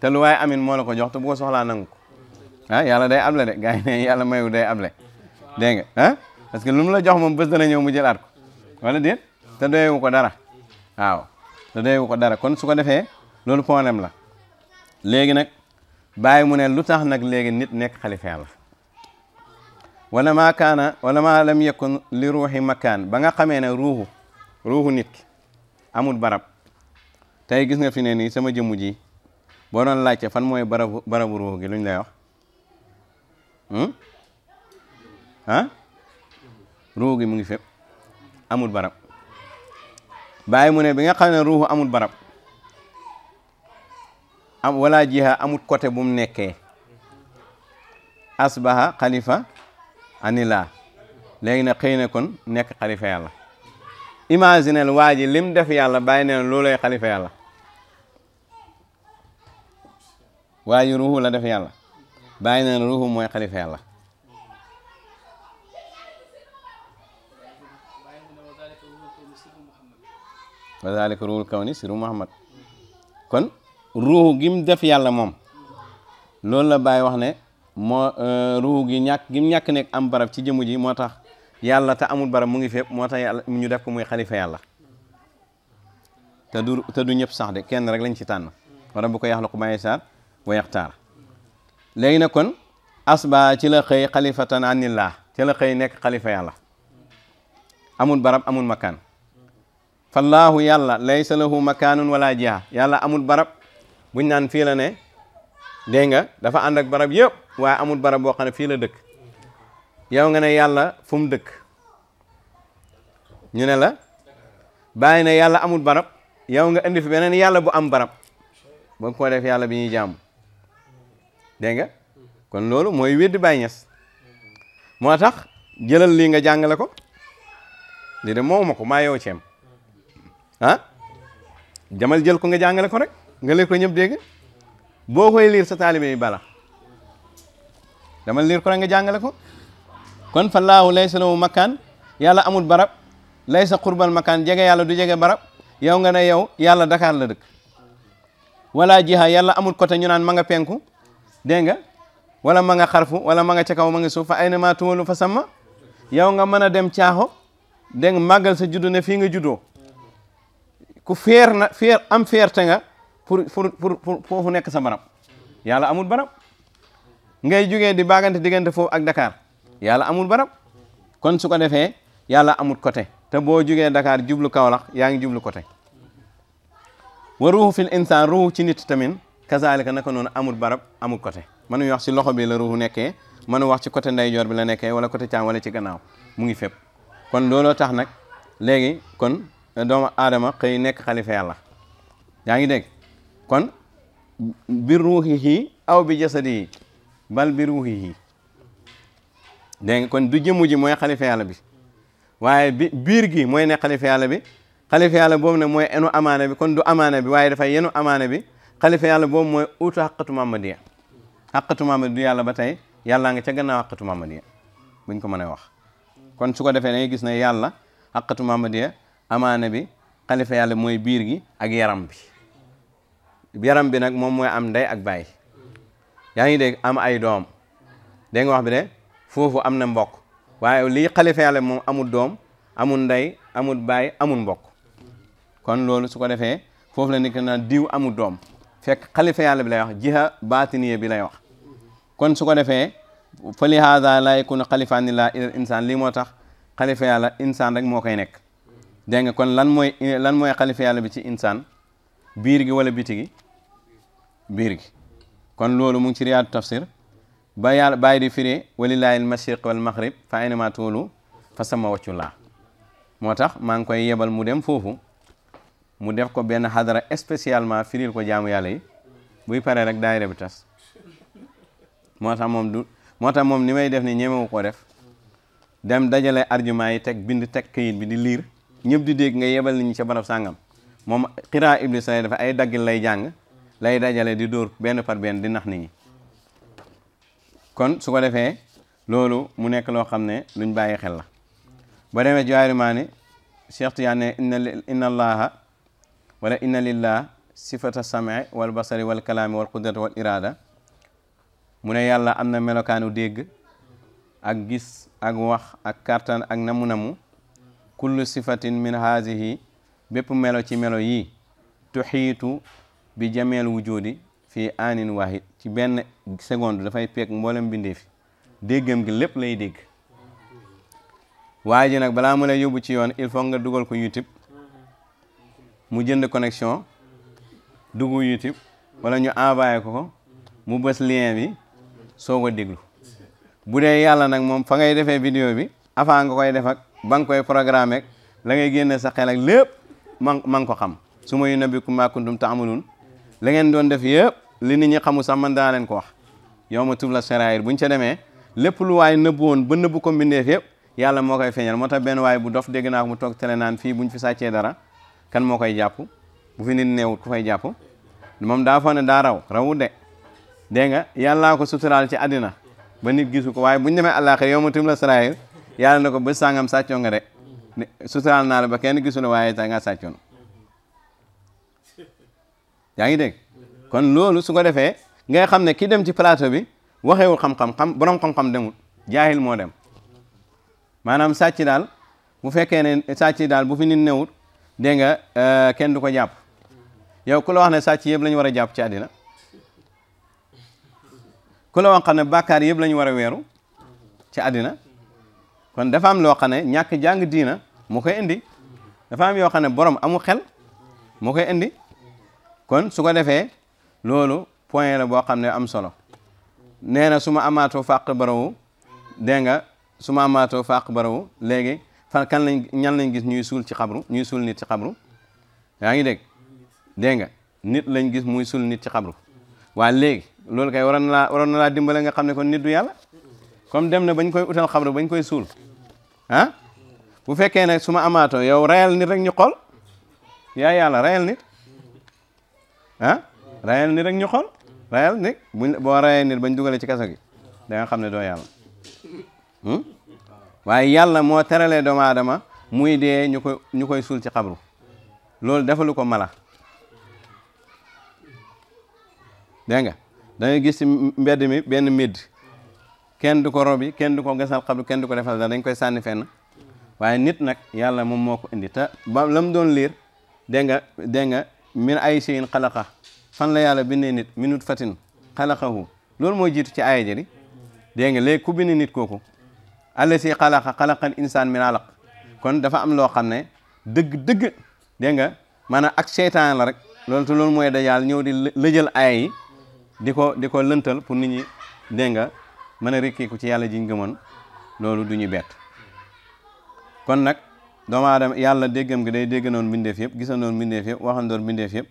te lu waaye amin moo la ko jox te bu ko nangu ko ah yàlla day able de gars yi ne yàlla mayu day able dégg nga ah parce que lu la jox moom bés dana ñëw mu jëlaat ko wala déet te doyewu ko dara waaw te doyewu ko dara kon su ko defee loolu problème la léegi nag bàyyi mu ne lu tax nag léegi nit nekk xalifa yàlla wala maa kaana wala maa lam yakun li ruuxi makaan ba nga xamee ne ruuxu ruuxu nit ki amul barab tey gis nga fi ne nii sama jëmmu ji boo doon laajte fan mooy barabu barabu ruux gi luñ lay wax ah hmm? ruux gi mu ngi fépp amul barab bàyyi mu ne bi nga xam ne ruuxu amul barab am wala jiha amul côté bu mu nekkee asbaha xalifa anilaa léegi nag xëy na kon nekk xalifa yàlla imaginel waa lim def yàlla bàyyi neen loolay xalifa yàlla waa ji ruuxu la def yàlla bàyyi neen ruuxu mooy xalifa yàlla wa zalika ruuxul kawni siru muhammad kon ruuxu gim def yàlla moom loolu la bàyyi wax moo euh, ruu gi ñàkk gi ñàkk nekk am barab ci jëmu ji moo tax yàlla te amul barab mu ngi fépp moo tax mu ñu def ko muy kalifa yàlla te du te ñëpp sax de kenn rek lañ ci tànn wara bu ko yaxluqu ma yashaa wa yaxtaar léegi nag kon asba ci la xëy xalifatan anillah ci la xëy nekk xalifa yàlla amul barab amul makaan fallaahu yàlla laysa lahu makaanun wala jiha yàlla amul barab buñ naan fii ne denga dafa andak barab yëpp wa amul barab bo xamne fi la dekk yaw nga ne yalla fum dekk ñu ne la bayina ne amul barab yaw nga andi fi benen yalla bu am barab bu ko def yalla bi ñi jaamu denga kon lolu moy wedd Baay Ñas moo tax jëlal nga jàngale ko lii de momako ma yow ha ah? jamal jël ko nga jàngale ko rek nga leen ko boo koy liir sa taalibe yi bala dama liir ko rek nga jàngale ko kon fa laahu laysa lahu makkaan yàlla amul barab laysa qurbal makkaan jege yàlla du jege barab yow nga ne yow yàlla Dakar la dëkk wala jiha yàlla amul côté ñu naan ma nga penku dégg nga wala ma nga xarfu wala ma nga ca kaw ma nga suuf fa ay na maa tuwalu fa sama yow nga mën a dem caaxo dégg nga màggal sa juddu ne fii nga juddoo ku feer na am feerte nga pour pour pour foofu nekk sa barab yàlla amul barab ngay jugee di baagante diggante foofu ak Dakar yàlla amul barab kon su ko defee yàlla amul côté te boo jugee Dakar jublu Kaolack yaa ngi jublu côté wa ruuxu fil insaan ruuxu ci nit tamit kazaalika naka noonu amul barab amul côté mënuñu wax si loxo bi la ruuxu nekkee mënu wax ci côté ndeyjoor bi la nekkee wala côté caam wala ci gannaaw mu ngi fépp kon looloo tax nag léegi kon doomu aadama xëy nekk xalifa yàlla yaa ngi dégg kon bi ruuxihi aw bi jasadihi bal bi ruuxihi dégg nga kon du jëmm ji mooy xalifa yàlla bi waaye bi biir gi mooy ne yàlla bi xalifa boobu ne mooy enu amaana bi kon du amaana bi waaye dafay yenu amaana bi xalifa yàlla boobu mooy uutu xaqatu mamadiya xaqatu mamadiya du yàlla ba tey yàllaa nga ca gannaaw xaqatu mamadiya buñ ko mën a wax kon su ko defee da ngay gis na yàlla xaqatu mamadiya amaana bi xalifa yàlla mooy biir gi ak yaram bi yaram bi nag moom mooy am ndey ak baay yaa ngi dégg am ay doom dégg nga wax bi de foofu am na mbokk waaye lii xalifa yàlla moom amul doom amul ndey amul baay amul mbokk kon loolu su ko defee foofu la nekk na diw amul doom fekk xalifa yàlla bi lay wax jiha baatiniya bi lay wax kon su ko defee fa li haada laa yakunu xalifaanillah ilal insaan lii moo tax xalifa yàlla insaan rek moo koy nekk dégg nga kon lan mooy lan mooy xalifa yàlla bi ci insaan biir gi wala biti biir gi kon loolu mu ngi ci riyaadu tafsir ba yàlla bàyyi di firi walillaahi almashriq wal maghrib fa aynama tuulu fa sama waccu laa moo tax maa ngi koy yebal mu dem foofu mu def ko benn xadara spécialement firil ko jaamu yàlla yi buy paree rek daayira bi tas moo tax moom du moo tax moom ni may def ni ñemewu koo def dem dajale argument yi teg bind teg kayit bi di liir ñëpp di dégg nga yebal nit ñi ca barab sàngam mom qira iblis sa'id dafa ay daggil lay jàng lay dajale di dóor ben far ben di nax nit ñi kon su ko defé lolu mu nek lo xamne luñ baye xel la ba demé Jawahir mané Cheikh Tidiane inna inna allah wala inna lillah sifata sam'i wal basari wal kalam wal qudrat wal irada mu ne yàlla amna melokanu deg ak gis ak wax ak kartan ak namu-namu kullu sifatin min hadhihi bépp melo ci melo yi xiitu bi jameel wujudi fii aanin waahid ci benn seconde dafay peeg mboolem bindeefi déggam gi lépp lay dégg waaye ji nag balaa mu lay yóbbu ci yoon il faut nga dugal ko YouTube mu jënd connexion dugg YouTube wala ñu envoyé ko ko mu bës lien bi soo ko déglu bu dee yàlla nag moom fa ngay defee vidéo bi avant nga koy def ak ba nga koy programme la ngay génne sa xel lépp man man ko xam su ma yu yunabbi'ukum maa kuntum ta'maluun la ngeen doon def yëpp li ni ñi xamu sax man daa leen ko wax la tubla bu ñu ca demee lépp lu waaye nëbbu woon ba nëbbu ko mbindeef yàlla moo koy feeñal moo tax benn waay bu dof dégg naa ko mu toog tele naan fii ñu fi sàccee dara kan moo koy jàpp bu fi nit neewut ku fay jàpp moom daa fa ne daa raw rawu de dégg nga yàllaa ko suturaal ci àddina ba nit gisu ko waaye ñu demee àllaaxira yawma tubla saraa'ir yàlla na ko ba sàngam sàccoo nga de ne sutaal naa la ba kenn gisu la waaye ta nga sàccoon yaa ngi dégg kon loolu su ko defee ngay xam ne kii dem ci plateau bi waxewul xam-xam xam borom xam-xam demul jaahil moo dem maanaam sàcc daal bu fekkee ne sàcc daal bu fi nit newut dégg nga euh, kenn du ko jàpp yow ku la wax ne sàcc yëpp la ñu war a jàpp ci àddina ku wax ne bàkkaar yëpp lañu ñu war a weeru ci àddina kon dafa am loo ne ñàkk jàng diina moo koy indi dafa am yoo xam ne borom amu xel moo koy indi kon su ko defee loolu point la boo xam ne am solo nee na su ma amaatoo fàq barawu dégg nga su ma amaatoo fàq barawu léegi fan kan lañ ñan lañ gis ñuy suul ci xabru ñuy suul nit ci xabru yaa ngi dégg dégg nga nit lañ gis muy suul nit ci xabru waa léegi loolu kay waroon na laa waroon na laa dimbale nga xam ne kon nit du yàlla comme dem na bañ koy utal xabru bañ koy suul ah bu fekkee ne suma ma amaatoo yow rayal nit rek ñu xool yaa yàlla rayal nit ah rayal nit rek ñu xool rayal nit buñ boo rayee nit bañ dugalee ci kaso gi da xam ne doo yàlla hmm? waaye yàlla moo teralee doomu aadama muy dee ñu koy ñu koy suul ci xabru loolu defalu ko mala dégg nga da gis ci mbedd mi benn mbedd kenn du ko robi kenn ko gasal xabru kenn du ko defal dañ koy sànni fenn waaye nit nag yàlla moom moo ko indi ta ba la mu doon liir dégg nga dégg nga min ay shay'in xalaqa fan la yàlla bindee nit minut fatin xalaqahu loolu mooy jiitu ci aaya jëri denga le ku bind nit kooku alla si xalaqa xalaqal insaan min alaq kon dafa am loo xam ne dëgg-dëgg dégg nga maanaam ak seytaan rek loolu te loolu mooy dajaal ñëw di lëjal aaya di ko di ko lëntal pour nit ñi dégg nga mën a rikkiku ci yàlla jiñ gëmoon loolu du ñu bett kon nag doomu aadama yàlla déggam gi day dégg noonu mbindeef yëpp gisa noonu mbindeef yëpp waxandoon mbindeef yëpp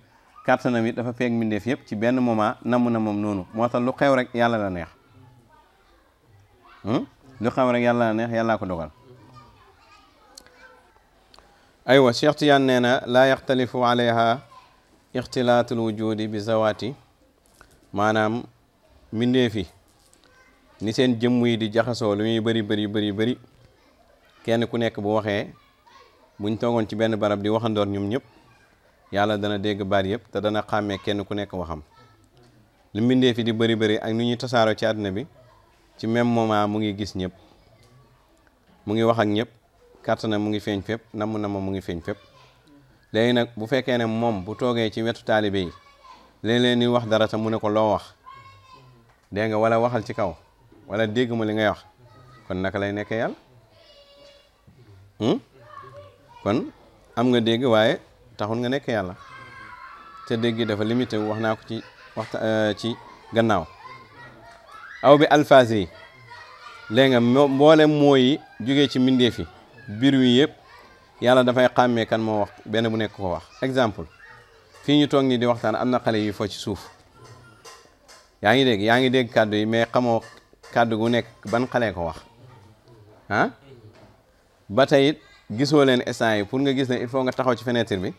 kàttanam yi dafa peeg mbindeef yëpp ci benn moment namu na moom noonu moo tax lu xew rek yàlla la neex lu xew rek yàlla la neex yàlla ko dogal aywa Cheikh tiyan nee na laa yaxtalifu alayha ixtilaatul wujudi bi zawaati maanaam mbindeef yi ni seen jëmm yi di jaxasoo lu ñuy bëri bëri bëri bëri kenn ku nekk bu waxee buñ toogoon ci benn barab di waxandoor ñoom ñëpp yàlla dana dégg baat yëpp te dana xàmmee kenn ku nekk waxam li mbindee fi di bëri bëri ak ni ñuy tasaaroo ci àdduna bi ci même moment mu ngi gis ñëpp mu ngi wax ak ñëpp na mu ngi feeñ fépp namm na ma mu ngi feeñ fépp léegi nag bu fekkee ne moom bu toogee ci wetu taalibe yi léeg-léeg ni wax dara te mu ne ko loo wax dégg nga wala waxal ci kaw wala dégg ma li ngay wax kon nak lay nekkee yàlla Hmm? kon am nga dégg waaye taxul nga nekk yàlla te dégg dafa limité wax naa ko ci waxta euh, ci gannaaw aw bi alfaas yi léegi nga mboolem moo yi ci mbindeef yi biir wi yëpp yàlla dafay xàmmee kan moo wax benn bu nekk ko wax exemple fii ñu toog nii di waxtaan am na xale yu fo ci suuf yaa ngi dégg yaa ngi dégg kàddu yi mais xamoo kàddu gu nekk ban xale ko wax ah ba tey it gisoo leen instant yi pour nga gis ne il faut nga taxaw ci fenêtre bi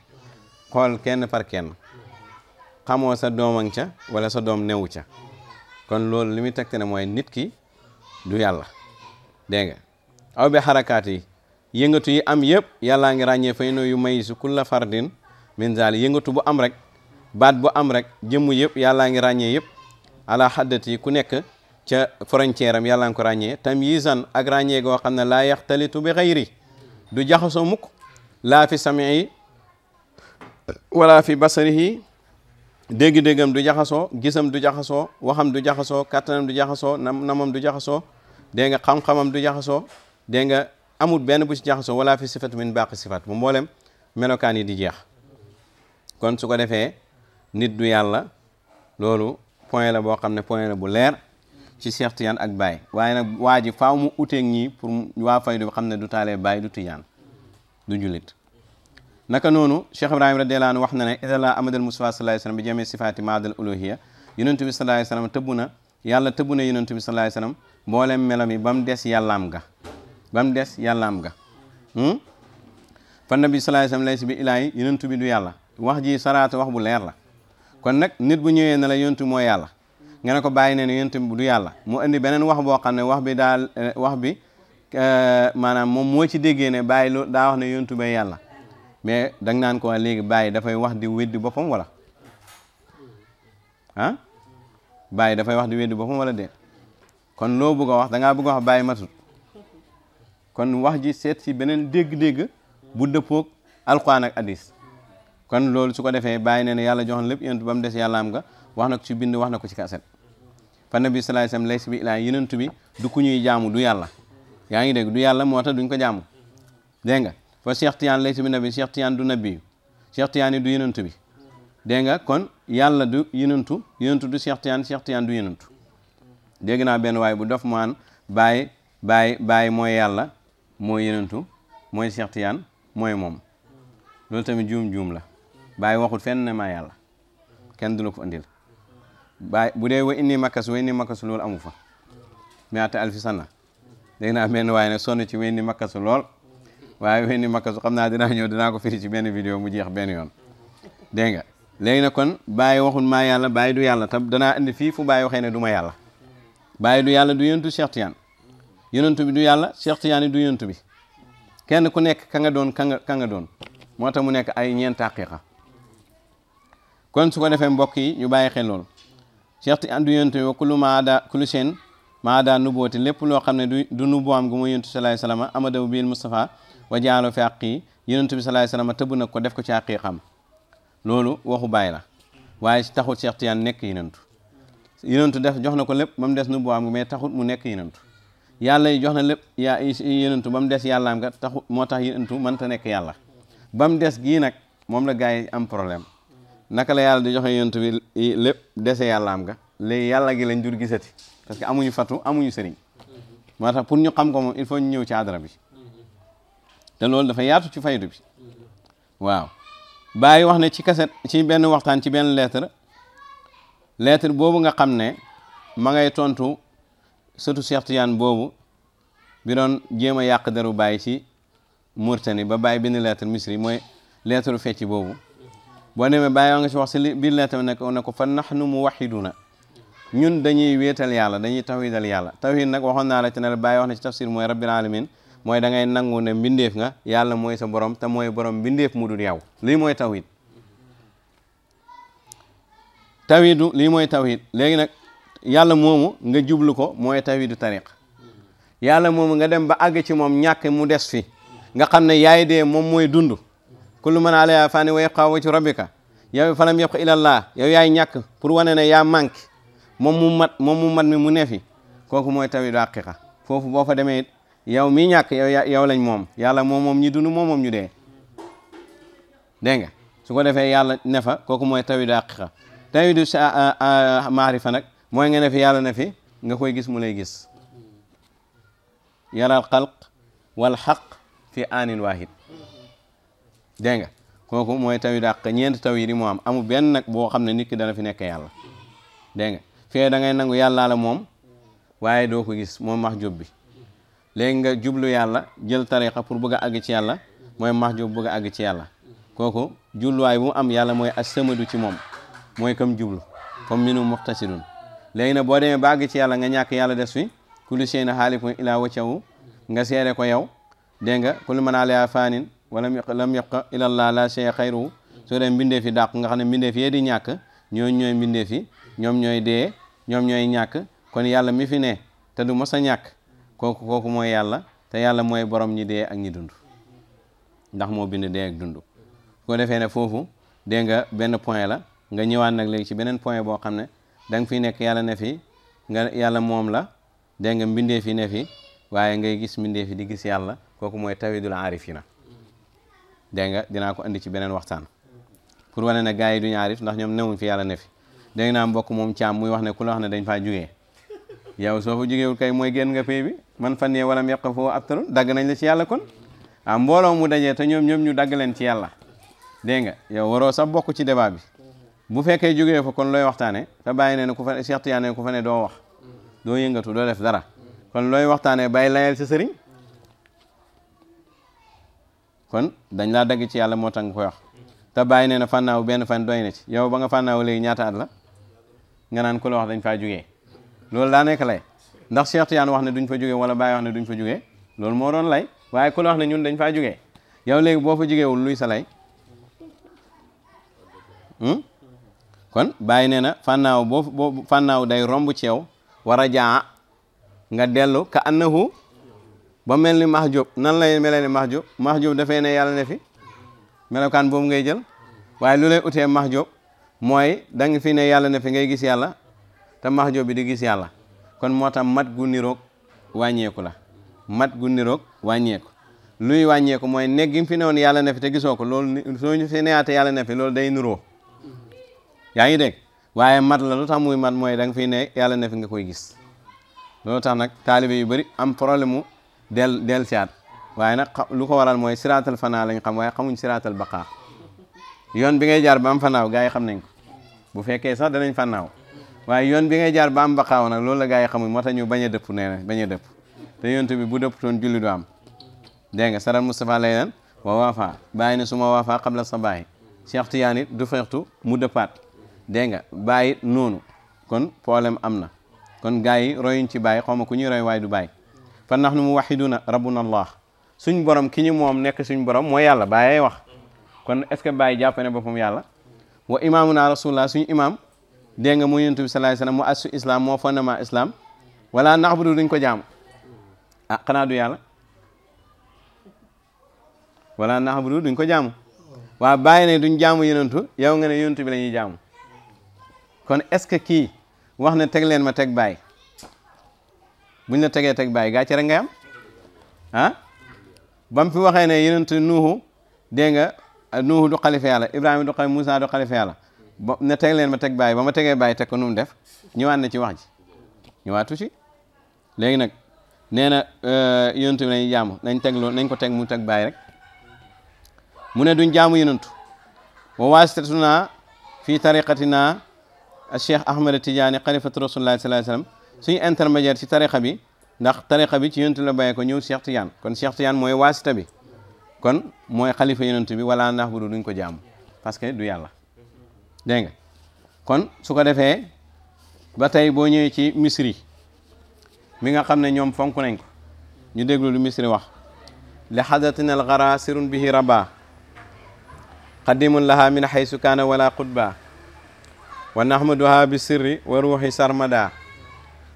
xool kenn par kenn xamoo sa dooman ca wala sa doom newu ca kon loolu li muy tegte ne mooy nit ki du yàlla dégg nga aw bi xarakaat yi yëngatu yi am yëpp yàllaa ngi ràññee fay no yu may su kulla fardin min zaal yëngatu bu am rek baat bu am rek jëmm yëpp yàllaa ngi ràññee yëpp ala xaddati ku nekk ca frontière am yalla nga ragné tam yizan ak ragné go xam la laa yaxtalitu bi ghayri du jaxasoo muk la fi samii wala fi basarihi deg degam du jaxasoo gisam du jaxasoo waxam du jaxasoo katanam du jaxasoo namam du jaxasoo de nga xam-xamam du jaxasoo de nga amul ben bu ci wala fi sifat min baqi sifat bu mbollem melokan yi di jeex kon su ko defé nit du yalla lolu point la bo xam ne point la bu ci Cheikh Tidiane ak Baye waye nak waji faaw mu outé ñi pour wa faydu bi xam du talé Baye du Tidiane du julit naka nonu Cheikh ibrahim radhiyallahu anhu waxna né na la amad al Mustafa sallallahu alayhi wasallam bi jami' sifati sifaati al uluhiyya yonent bi sallallahu alayhi wasallam tebuna yàlla tebuna na bi sallallahu alayhi wasallam mboolem melami bam dess mu des ga bam dess des yàllaam ga fa nabi sallallahu alayhi wasallam laysa bi ilahi yonent bi du yàlla wax ji saraata wax bu leer la kon nak nit bu ñewé na la yonent mo yàlla nga ne ko bàyyi ne ne yonent bu du yàlla moo indi beneen wax boo xam ne wax bi daal eh, wax bi eh, maanaam moom moo ci déggee ne bàyyi loo daa wax ne yonent bi yàlla mais da nga naan ko léegi bàyyi dafay wax di weddi boppam wala ah bàyyi dafay wax di weddi boppam walla de kon loo bëgg a wax da ngaa bëgg wax bàyyi matut kon wax ji seet si beneen dégg-dégg bu dëppoog alquran addis kon loolu su ko defee bàyyi ne ne yàlla joxoon lépp yonentu ba mu des yàlla am nga wax na ko ci bind wax na ko ci kaset fa nabi sallallahu alayhi wasallam laysa bi ilaa yonent bi du ku ñuy jaamu du yàlla yaa ngi dégg du yàlla moo ta duñ ko jaamu dégg nga fa Cheikh Tidiane bi nabi Cheikh Tidiane du nabi Cheikh du yonent bi dégg kon yàlla du yonentu yonentu du Cheikh Tidiane Cheikh Tidiane du yonentu dégg naa benn waay bu dof maan bàyyi bàyyi bàyyi mooy yàlla mooy yonentu mooy Cheikh Tidiane mooy moom loolu tamit juum-juum la bàyyi waxul fenn ne ma yàlla kenn du la ko andil bàyyi bu dee wa inni makkas wa inni makkas loolu amu fa miata alfi sana dégg naa benn waaye nag sonn ci wa inni makkasu lool waaye wa inni makkasu xam naa dinaa ñëw danaa ko firi ci benn vidéo mu jeex benn yoon dégg nga léegi nag kon bàyyi waxul maa yàlla bàyyi du yàlla tam danaa indi fii fu bàyyi waxee ne du ma yàlla bàyyi du yàlla du yontu Cheikh Tidiane yenentu bi du yàlla Cheikh Tidiane du yonentu bi kenn ku nekk ka nga doon ka ka nga doon moo tax mu nekk ay ñeent kon su ko defee mbokk yi ñu bàyyi xel loolu cheikh ti andu yontu wa kulu maada kulu seen maada nubooti lépp loo xam ne du du nubu am gu mu yontu salaay salama amadaw bil Mustafa wa jaalo fi àq yi yonentu bi salaay salama tëbb na ko def ko ci àq yi xam loolu waxu bàyyi la waaye taxul cheikh tiyaan nekk yonentu yonentu def jox na ko lépp ba mu des nubu am gu mais taxul mu nekk yonentu yàlla yi jox na lépp yaa yonentu ba mu des yàllaam nga taxu moo tax yonentu mënta nekk yàlla ba mu des gii nag moom la gars yi am problème naka la yàlla di joxe yonent bi lépp yàlla am nga léegi yàlla gi lañ dur gisati parce que amuñu fatu amuñu sëriñ moo tax pour ñu xam ko moom il faut ñu ñëw ci adara bi te loolu dafa yaatu ci faydu bi waaw bàyyi wax ne ci kaset ci benn waxtaan ci benn lettre lettre boobu nga xam ne ma ngay tontu sëtu Cheikh Tidiane boobu bi doon jéem a yàq deru bàyyi ci Mauritanie ba bàyyi benn lettre misri mooy lettre fecc boobu boo demee bàyyi nga si wax si biir lettre ne ko ne ko mu nahnu muwahhiduna ñun dañuy wéetal yàlla dañuy tawhidal yàlla tawhid nag waxoon naa la ci bàyyi wax na ci tafsir mooy rabbil alamin mooy da ngay nangu ne mbindeef nga yàlla mooy sa borom te mooy borom mbindeef mu dul yow lii mooy tawhid tawhidu lii mooy tawhid léegi nag yàlla moomu nga jublu ko mooy tawhidu tarik yàlla moomu nga dem ba àgg ci moom ñàkk mu des fi nga xam ne yaay dee moom mooy dund كل من عليها فاني ويقع yabqa ربك يا فلم falam الى الله يا يا نياك بور وانا يا مانك yaa manqué moom mu mat moom mu mat mi mu neefi kooku mooy tawit haqiqa يا boo fa demee يا mi ñàkk yow yow lañ moom yàlla moom moom ñu dund moom moom ñu dee dégg nga su ko defee yàlla ne fa kooku mooy tawit haqiqa tawidu نفي nag mooy nga nga koy gis mu lay gis yaral khalq wal haqq fi anin wahid deng nga kooku mooy tawit dàq ñeenti tawit yi mo am amu ben nak bo xamne nit ki dana fi nekk yalla deng fe da ngay nangu yalla la mom waye do ko gis mooy maxjub bi leg nga jublu yalla jël tariqa pour bëgg a ci yalla moy mahjub bëgg a ci yalla koko jullu way bu am yalla moy as-samadu ci mom moy kam jublu comme minu muxtasidun léegi nag bo demee ba ci yalla nga ñak yalla des fi kullu shayna halifun ila wajhahu nga séré ko yow dégg nga kullu man alayhaa wala lam yabqa ila allah la shay xayruhu soo dee mbindeef fi dàq nga xam ne mbindeef di ñàkk ñooñ ñooy mbindeef yi ñoom ñooy dee ñoom ñooy ñàkk kon yàlla mi fi ne te du mos a ñàkk kooku kooku mooy yàlla te yàlla mooy borom ñi dee ak ñi dund ndax moo bind dee ak dund ko defee ne foofu dégg nga benn point la nga ñëwaat nag léegi ci beneen point boo xam ne da nga yàlla ne fi nga yàlla moom la dégg nga mbindeef yi ne fi waaye ngay gis mbindeef yi di gis yàlla kooku mooy tawidul aarifina dégg nga dinaa ko indi ci beneen waxtaan pour wane na gars yi duñu aarif ndax ñoom newuñ fi yàlla ne fi dégg naa mbokk moom caam muy wax ne ku la wax ne dañ faa jugee yow soo fa jugewul kay mooy génn nga pay bi man fan yee walam yeq foofu abtalun dagg nañ la ci yàlla kon ah mbooloo mu dajee te ñoom ñoom ñu dagg leen ci yàlla dégg nga yow waroo sax bokk ci débat bi bu fekkee jógee fa kon looy waxtaane te bàyyi ne ne ku fa Cheikh Tidiane ku fa ne doo wax doo yëngatu doo def dara looy waxtaane bàyyi layal sa sëriñ kon dañ laa dagg ci yàlla moo tax nga koy wax te bàyyi nee na fànnaaw benn fan doy na ci yow ba nga fànnaaw léegi ñaata at la nga naan ku la wax dañ faa jugee loolu daa nekk lay ndax Cheikh Tidiane wax ne duñ fa jugee wala Baye wax ne duñ fa jugee loolu moo doon lay waaye ku la wax ne ñun dañ faa jugee yow léegi boo fa jugeewul luy sa lay hmm? kon bàyyi nee na fànnaaw boo boo fànnaaw day romb ci yow war a jaa nga dellu ka annahu ba mel ni Mahjub nan lay melee ni Mahjub Mahjub dafay ne yàlla ne fi melokaan boobu ngay jël waaye lu lay utee Mahjub mooy dang fi ne yàlla nefi ngay gis yàlla te Mahjub bi di gis yàlla kon moo tax mat gu niroog wàññeeku la mat gu niroog wàññeeku luy wàññeeku mooy nekk gi fi newoon yàlla ne te gisoo ko loolu soo ñu fi neyaate yàlla ne loolu day niroo yaa ngi dégg waaye mat la lu tax muy mat mooy dang fi ne yàlla nefi nga koy gis loolu tax nag taalibe yu bëri am problème del del siaat waaye nag lu ko waral mooy siraatal fanaa lañu xam waaye xamuñ siraatal baqaa yoon bi ngay jaar ba fanaaw gaa yi xam nañ ko bu fekkee sax danañ fanaaw waaye yoon bi ngay jaar ba am baqaaw nag loolu la gaay yi xamuñ moo tax ñu bañ a dëpp nee na bañ a dëpp te yonent bi bu dëpp toon julli du am dégg nga saral Moustapha lay nan wa waafa bàyyi na suma ma waafa xam la sa baay Cheikh Tidiane it du fextu mu dëppaat dégg nga bàyyi noonu kon problème am na kon gaa yi royuñ ci bàyyi xaw ma ku ñuy roy waaye du bàyyi fa nahnu muwahhiduna rabbuna allah suñ borom ki ñu mom nek suñ borom mo yalla baye wax kon est ce que bàyyi jàpp ne bopum yalla wa imamuna rasulullah suñ imam de nga mu yonent bi sallallahu alayhi wasallam mu islam moo ma islam wala nahbudu duñ ko jam ah xanaa du yalla wala nahbudu duñ ko jam waa baye ne duñ jaamu yonentu yow nga ne yonentu bi lañuy kon est ce que kii wax ne tegg len ma tegg baye buñ la tegee teg bàyyi gàcce rek ngay am ah mu fi waxee ne yonent nuuhu dégg nga nuuhu du xalifa yàlla ibrahima du xalifa moussa du xalifa yàlla ba ne teg leen ma teg bàyyi ba ma tegee bàyyi teg ko nu mu def ñëwaat na ci wax ji ñëwaatu ci léegi nag nee na euh, yonent bi nañ jaamu nañ teg nañ ko teg mu teg bàyyi rek mu ne duñ jaamu yonent wa waasitatuna fi tariqatina cheikh ahmad tidiane xalifatu rasulullah sallallahu alayhi wasallam suñu intermédiaire ci tarixa bi ndax tarixa bi ci yonent la bàyyee ko ñëw Cheikh Tidiane kon Cheikh Tidiane mooy waasita bi kon mooy xalifa yonent bi wala ndax bu duñ ko jaamu parce que du yàlla dégg nga kon su ko defee ba tey boo ñëwee ci misri mi nga xam ne ñoom fonk nañ ko ñu déglu lu misri wax li xadatin al gara sirun bi raba qadimun laha min xaysu kaana wala qudba wa ma nahmaduha bi sirri wa ruuxi sarmada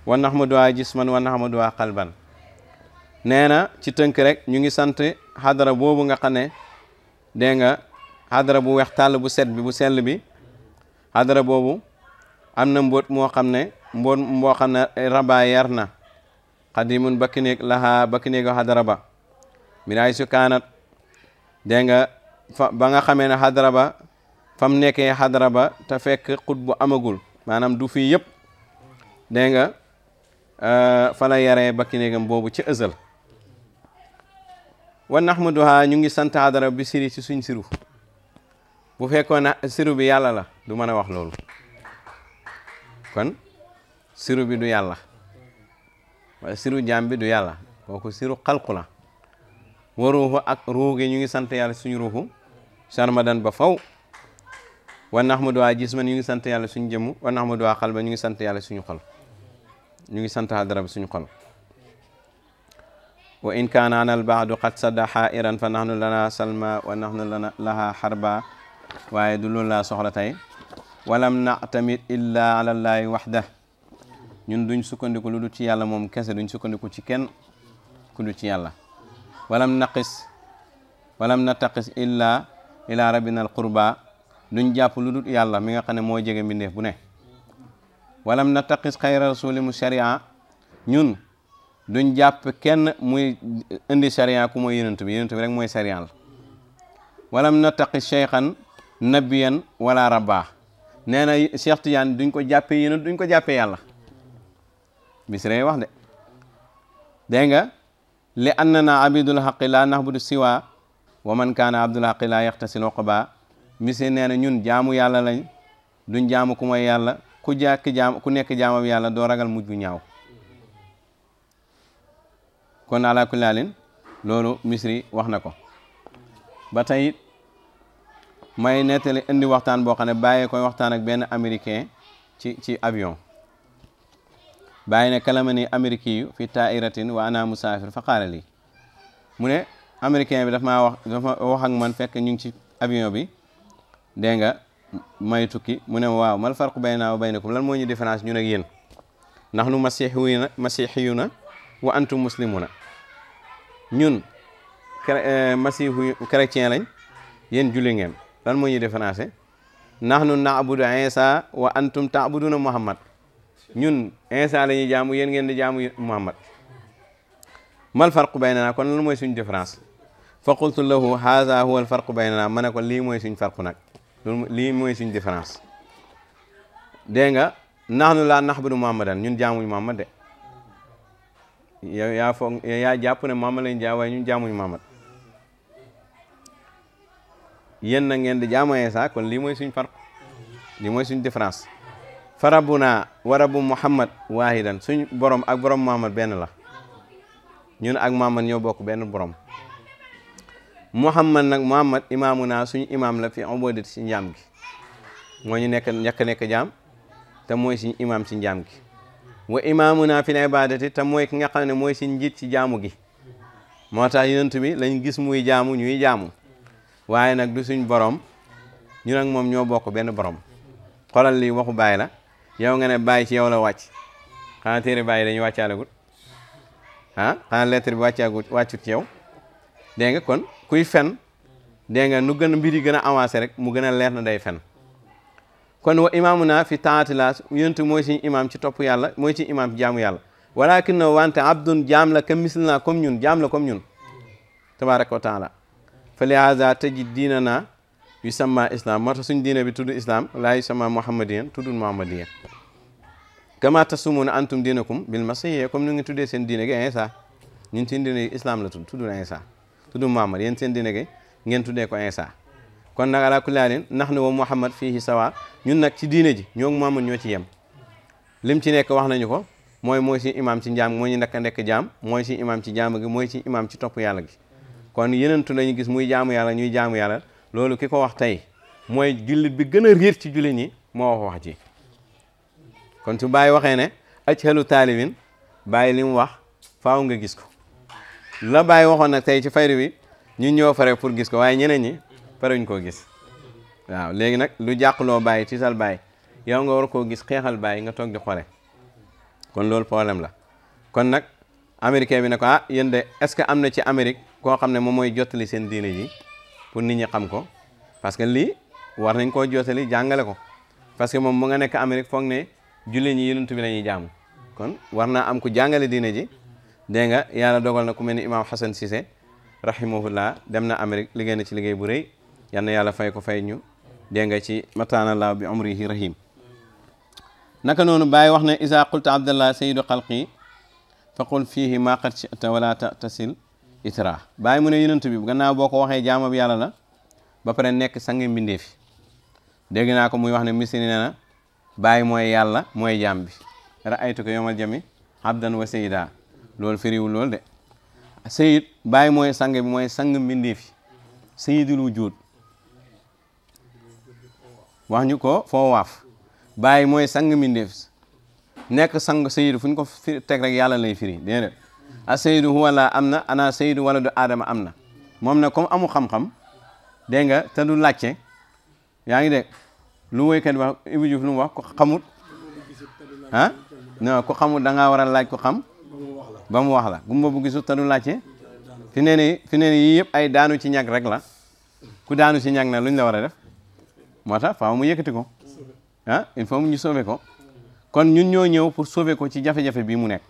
wa nahmaduwaa jisman wa nahmaduwaa qalban nee na ci tënk rek ñu ngi sant xadara boobu nga xam ne dégg nga xadara bu weex tàll bu set bi bu sell bi xadara boobu am na mboot moo xam ne mboot moo xam ne raba yar na xadimun bakki néeg laxaa bakki xadara ba miraay su kaanat dégg nga fa ba nga xamee na xadara ba fam nekkee xadara ba te fekk xut bu amagul maanaam du fii yëpp dégg nga Euh, fa la yare bakki néegam boobu ci ësal wan ahmaduha ñu ngi sant hadara bi siri suñ siru bu fekkoon siru bi yàlla la du mën a wax loolu kon siru bi du yàlla wala siru jaam bi du yàlla kooku siru xalqu la wa ruuxu ak ruux ñu ngi sant yàlla suñu ruuxu sarmadan ba faw wan ahmaduha jisman ñu ngi sant yàlla suñu jëmm wan ahmaduha xal ba ñu ngi sant yàlla suñu xol ñu ngi santaal dara bi suñu kol wa in kaana anal baadu qad sadda xaairan fa naxnu lana salma wa naxnu lana laha xarba waaye du loolu laa soxla tey walam na'tamid illa ala llaahi waxda ñun duñ sukkandiku lu du ci yàlla moom kese duñ sukkandiku ci kenn ku du ci yàlla walam naqis walam nataqis illa ila rabbina al duñ jàpp lu dul yàlla mi nga xam ne moo jege mbindeef bu ne walam nattaqis xayra rasuli mu sharia ñun duñ jàpp kenn muy indi sharia ku mooy yonent rek mooy sharia la walam nattaqis cheikhan nabiyan wala rabba nee na Cheikh Tidiane duñ ko jàppe yonent duñ ko jàppee yàlla bis rey wax de dégg nga li annana abidul xaqi la nahbudu siwa wa man kaana abdul xaqi la yaxtasil oqba misi nee na ñun jaamu yàlla lañ duñ jaamu ku mooy yàlla ku jàkk jaam ku nekk jaamam yàlla doo ragal mujj gu ñaaw kon ala kulli loolu misri wax na ko ba tey may nettali indi waxtaan boo xam ne bàyyi koy waxtaan ak benn américain ci ci avion bàyyi ne kalamani américain yu fi tairatin wa ana musaafir fa qaala mu ne américain bi daf dafa wax ak man fekk ñu ngi ci avion bi dégg nga may tukki mu ne waaw mal farqu baynaa wa baynakum lan moo ñu différence ñun ak yéen ndax nu masihiyuna masihiyuna wa antum na ñun eh, masihu chrétien lañ yéen julli ngeen lan moo ñuy différence nahnu naabudu Isa wa antum taabuduna Muhammad ñun Isa la ñuy jaamu yéen ngeen di jaamu Muhammad mal farqu baynana kon lan mooy suñ différence fa qultu lahu haza huwa al farqu baynana ma ne ko lii mooy suñ farqu nag loolu lii mooy suñ différence dégg nga nax nu laa nax bu muhammadan ñun jaamuñu muhammad de ya ya foog ya jàpp ne muhammad lañ jaam waaye ñun jaamuñu muhammad yéen na ngeen di jaamu Iisaa kon lii mooy suñ far lii mooy suñ différence farabuna warabu muhammad waahidan suñ borom ak borom muhammad benn la ñun ak muhammad ñoo bokk benn borom muhammad nag muhammad imaamu naa suñu imaam la fi ubudat si njaam gi moo ñu nekk ñàkk nekk jaam te mooy suñu imaam si njaam gi wa imaamu naa fi ba ibadati te mooy ki nga ne mooy suñu njiit ci jaamu gi moo tax yonent bi lañ gis muy jaamu ñuy jaamu waaye nag du suñ borom ñu nag moom ñoo bokk benn borom xolal lii waxu baay la yow nga ne baay ci yow la wàcc xanaa téere baay dañu wàccaalagut ah xanaa lettre bi wàccaagut wàccut ci yow dégg nga kon kuy fen dégg nga nu gën a mbir yi gën a avancé rek mu gën a leer na day fen kon wa imaamuna fi taatilaas yontu mooy suñu imaam ci topp yàlla mooy ci imaam ci jaamu yàlla walakin na wante abdun jaam la ka misli naa comme ñun jaam la comme ñun tabaraka wa taala fa lihaza tëji diina naa yu sama islam moo tax suñ diina bi tudd islam laa yu sama muhammadiyan tuddul muhammadiyan kama tasumuna antum diinakum bil masiya comme nu ngi tuddee seen diina seen diina yi islam la tudd tuddul tudd Muhammad yéen seen diine gi ngeentu tuddee ko Isa kon nag ala kulli haalin nahnu wa Muhammad fiihi sawa ñun nag ci diine ji ñoo Muhammad ñoo ci yem lim ci nekk wax nañu ko mooy mooy imaam ci njaam moo ñu nekk nekk jaam mooy si imaam ci jaam gi mooy ci imaam ci topp yàlla gi kon yenentu lañu gis muy jaamu yàlla ñuy jaamu yàlla loolu ki ko wax tey mooy jullit bi gën a riir ci jullit ñi moo wax wax ji kon su bàyyi waxee ne aj xelu taalibin bàyyi li mu wax faaw nga gis ko la bàyyi waxoon nag tey ci fayru bi ñu ñëw pare pour gis ko waaye ñeneen ñi parewuñ koo gis waaw léegi nag lu jàqloo bàyyi tiital bàyyi yow nga war koo gis xeexal bàyyi nga toog di xore kon loolu problème la kon nag américain bi nag ko ah yéen de est-ce que am na ci Amérique koo xam ne moom mooy jottali seen diine ji pour nit ñi xam ko parce que lii war nañ koo jottali jàngale ko parce que moom mu nga nekk Amérique foog ne julli ñi yonent bi la ñuy kon war naa am ku jàngale diine ji dégg nga yàlla dogal na ku mel ni imaam Hassan Cissé rahimahullah dem na Amérique liggéey na ci liggéey bu rëy yal na yàlla fay ko fay ñu dégg nga ci mataanallah bi umrihi rahim naka noonu bàyyi wax na isa qulta abdallah sayyidu xalqi fa qul fiihi maa qad shi'ta wala tatasil itra bàyyi mu ne yonent bi gannaaw boo ko waxee jaama bi yàlla la ba pare nekk sangi mbindeefi dégg naa ko muy wax ne misri nee na bàyyi mooy yàlla mooy jaam bi ra'aytu ko yowmal jami abdan loolu firiwul loolu de sayid bàyyi mooy sang bi mooy sang mbindeef yi sayidul wax ñu ko foo waaf bàyyi mooy sang mbindeef nekk sang sayid fu ñu ko fi teg rek yàlla lay firi déedéet a sayidu huwa laa am na ana sayidu wala du aadama am na moom na comme amu xam-xam dégg nga te du laajte yaa ngi dégg lu woykat wax Ibou Diouf lu wax ko xamut ah non ku xamut da ngaa war a laaj ko xam ba mu wax la gumba bu gisul te du laajte fi nee ni fi nee ni yii yëpp ay daanu ci ñag rek la ku daanu ci ñag na luñ la war a def moo tax faaw mu yëkkati ko ah il faut mu ñu sauver ko kon ñun ñoo ñëw pour sauver ko ci jafe-jafe bi mu nekk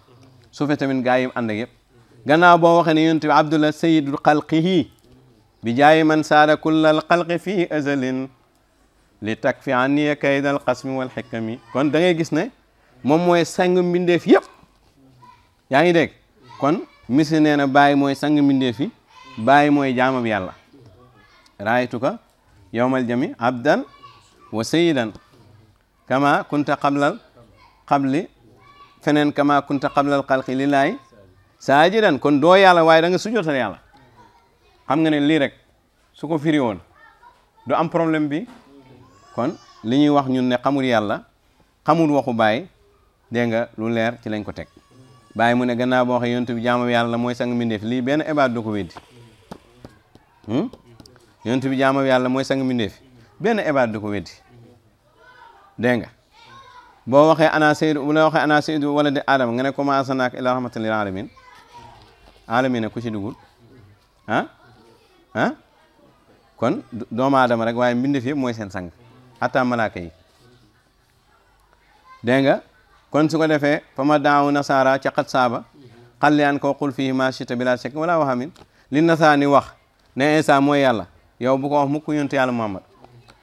sauver tamit gaa yi ànd ak yëpp gannaaw boo waxee ne yonent bi abdullah sayidul xalqihi bi jaay man saada kullal xalqi fi azalin li takfi anniya kaydal qasmi wal kon da ngay gis ne moom mooy sang mbindeef yëpp yaa ngi dégg kon misi nee na bàyyi mooy sang mbindee fi bàyyi mooy jaamab yàlla raaytuka yowmal jami abdan wa sayidan kama kunta qablal qabli feneen kama kunta qablal xalqi lillaahi saajidan kon doo yàlla waaye da nga sujootal yàlla xam nga ne lii rek su ko firi woon du am problème bi kon li ñuy wax ñun ne xamul yàlla xamul waxu bàyyi dégg nga lu leer ci lañ ko teg bàyyi mu ne gannaaw boo waxee yontu bi jaamu yàlla mooy sang mbindeef lii benn ébaat du ko weddi hmm? yontu bi jaamu yàlla mooy sang mbindeef benn ébaat du weddi dégg boo waxee ana sayyidu bu la waxee wala di aadama nga ne commencé naak ila rahmatal alamin alamin ku ci dugul ah ah kon doomu aadama rek waaye mbindeef yëpp mooy seen sang xataa malaaka yi dégg kon su ko defee fa ma daaw nasaara ca xat saaba xalliyaan koo xul fii ma chita bila shek wala waxamin li ni wax ne Isa mooy yàlla yow bu ko wax mukk yontu yàlla Muhammad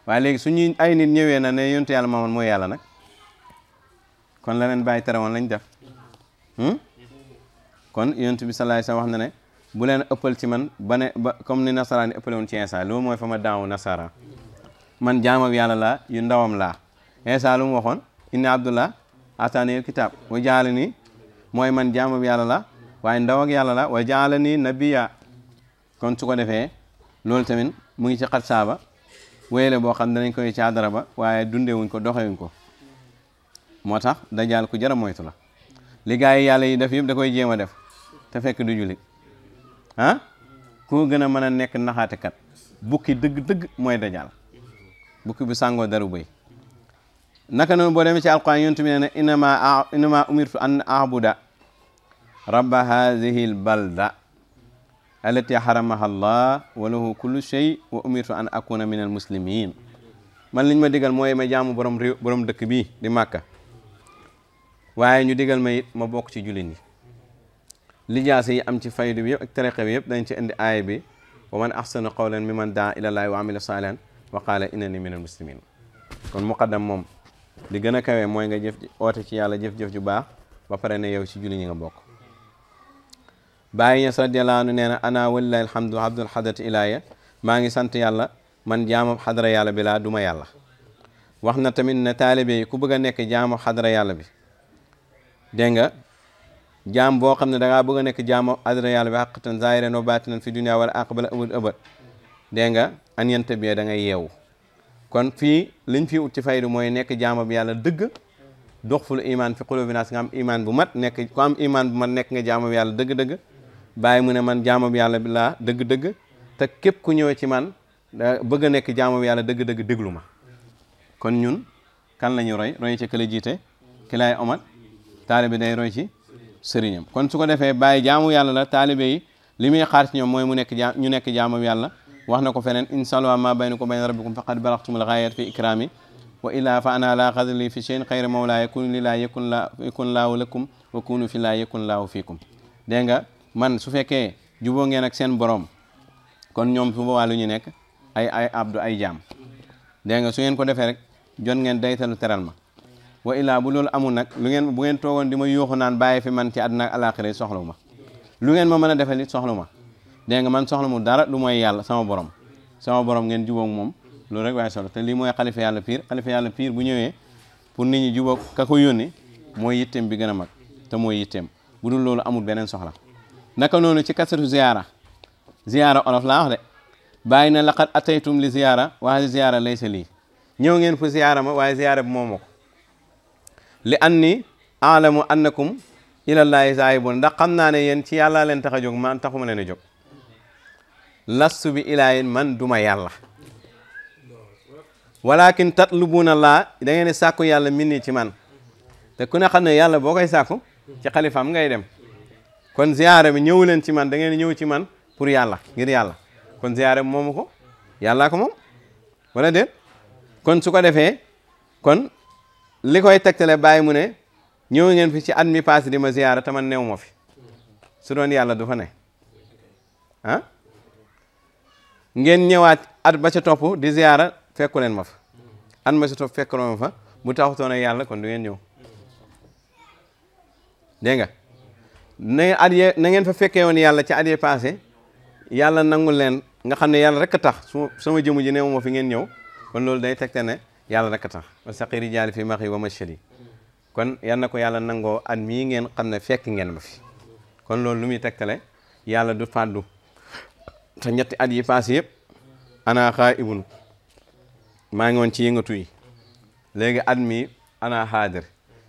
waaye léegi suñuy ay nit ñëwee na ne yontu yàlla Muhammad mooy yàlla nag kon la bàyyi tere woon lañ def hmm? kon yontu bi wax na ne bu leen ëppal ci man ba ne ba comme ni nasaraan yi ëppale woon mooy fa ma daaw nasaara man jaamab yàlla laa yu ndawam laa Isa lu waxoon inna abdullah ataani kitaab wa jaala ni mooy man jaamam yàlla la waaye ndaw ak yàlla la wa jaala ni nabiya kon su ko defee loolu tamit mu ngi ci xat saaba wéyale boo xam ne danañ koy caadara ba waaye dundewuñ ko doxewuñ ko moo tax dajaal ku jara moytu la li gaa yi yàlla yi def yëpp da koy jéem a def te fekk du jullit ah ku gën a mën a nekk naxaatekat bukki dëgg-dëgg mooy dajaal bukki bu sàngoo daru bëy naka noonu boo demee ci alquran yontu bi nee na innama innama umirtu an abuda rabba hadihi albalda allati haramaha allah wa lahu kullu shay wa umirtu an akuna min al muslimin man liñ ma digal mooy ma jaamu borom réew borom dëkk bii di màkka waaye ñu digal ma it ma bokk ci jullit yi lijaasa yi am ci faydu bi yëpp ak tariqa bi yëpp dañ ci indi aaya bi wa man ahsanu qawlan mimman daa ilallaahi wa amila saalihan wa qaala innani min al muslimin kon muqaddam moom li gën a kawe mooy nga jëf oote ci yàlla jëf-jëf ju baax ba pare ne yow ci julli ñi nga bokk bàyyi ñes radiallahu anhu nee na ana walilahi alhamdu abdul xadrati ilaaya maa ngi sant yàlla man jaamab xadara yàlla bi laa duma yàlla wax na tamit ne taalibe yi ku bëgg a nekk jaamab xadara yàlla bi dégg nga jaam boo xam ne dangaa bëgg a nekk jaamab xadara yàlla bi xaqatan zahiran wa baatinan fi dunia wala aqbala awul ëbat dégg nga an yanta bi da ngay yeewu kon fii liñ fi ut ci faydu mooy nekk jaamab yàlla dëgg dox ful iman fi xulóobi naas nga am bu mat nekk ku am iman bu nekk nga jaamab yàlla dëgg-dëgg bàyyi mu ne man jaamab yàlla bi laa dëgg-dëgg te képp ku ñëwee ci man bëgg a nekk jaamab yàlla dëgg-dëgg déglu ma kon ñun kan la roy roy ci kële jiite ki laay omat taalibe day roy ci sëriñam kon su ko defee bàyyi jaamu yàlla la taalibe yi li muy xaar ci ñoom mooy mu nekk ja ñu nekk jaamab yàlla واحنا كفنا ان صلى ما بينكم وبين ربكم فقد بلغتم الغايه في اكرامي والا فانا لا اخذ لي في شيء خير مولا يكون لي لا يكون لا يكون لا لكم وكونوا في لا يكون لا فيكم دينغا من سو فيك جوبو نين اك سين بروم كون نيوم فو بوالو ني نيك اي اي عبد اي جام دينغا سو نين كو ديفه رك جون نين دايتالو ترالما والا بولول امو نك لو نين بو نين توغون ديما يوخو نان باي في من تي ادنا الاخره سوخلوما لو نين ما مانا ديفالي سوخلوما dégg nga man soxla mu dara lu mooy yàlla sama borom sama borom ngeen jubóog moom loolu rek waaye solo te lii mooy xalifa yàlla piir xalifa yàlla piir bu ñëwee pour nit ñi jubóog ka ko yónni mooy yitteem bi gën a mag te mooy yitteem bu dul loolu amul beneen soxla naka noonu ci kasatu ziyaara ziyaara olof laa wax de bàyyi na laqad ataytum li ziyaara waaye ziyaara laysa lii ñëw ngeen fu ziyaara ma waaye ziyaara bi moomoo ko li anni aalamu annakum ilallaahi saayibun ndax xam naa ne yéen ci yàllaa leen tax a jóg man taxuma leen a jóg lastu bi ilaahin man duma yàlla walakin tatlubuuna laa da ngeen di sàkku yàlla min nii ci man te ku ne xam ne yàlla boo koy sàkku ci xalifaam ngay dem kon ziyaara bi ñëw leen ci man da ngeen ñëw ci man pour yàlla ngir yàlla kon ziyaara bi moomu ko yàllaa ko moom wala déet kon su ko defee kon li koy tegtale bàyyi mu ne ñëw ngeen fi ci at mi passé di ma ziyaara te man néew ma fi su doon yàlla du ne ah ngeen ñëwaat at ba ca topp di ziyaara fekku leen ma fa at ma ca topp fekku ma fa bu taxutoon ak yàlla kon du ngeen ñëw dégg nga na at yee na ngeen fa fekkee woon yàlla ca at yee passé yàlla nangul leen nga xam ne yàlla rek a tax su sama jëmu ji neewu ma fi ngeen ñëw kon loolu day tegte ne yàlla rek a tax wa jaali fi maxi wa machali kon yal ko yàlla nangoo at mii ngeen xam ne fekk ngeen ma fi kon loolu lu muy tegtale yàlla du fàddu te ñetti at yi passé yëpp ana xaa ibun maa ngi woon ci yëngatu yi léegi at mi ana xaadir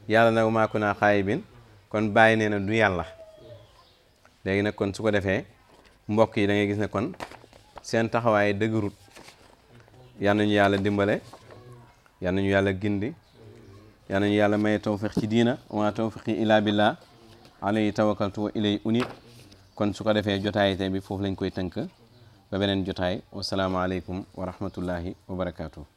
yàlla nag maa ko naa xaayibin kon bàyyi nee na du yàlla léegi nag kon su ko defee mbokk yi da gis ne kon seen taxawaay dëgërut yal nañu yàlla dimbale yal nañu yàlla gindi yal nañu yàlla maye tawfiq ci diina wa billa ila billah alayhi tawakkaltu wa ilay unib kon su ko defee jotaayi tey bi foofu lañ koy tënk ba beneen jotaay wasalaamaaleykum wa rahmatullahi wa barakaatu.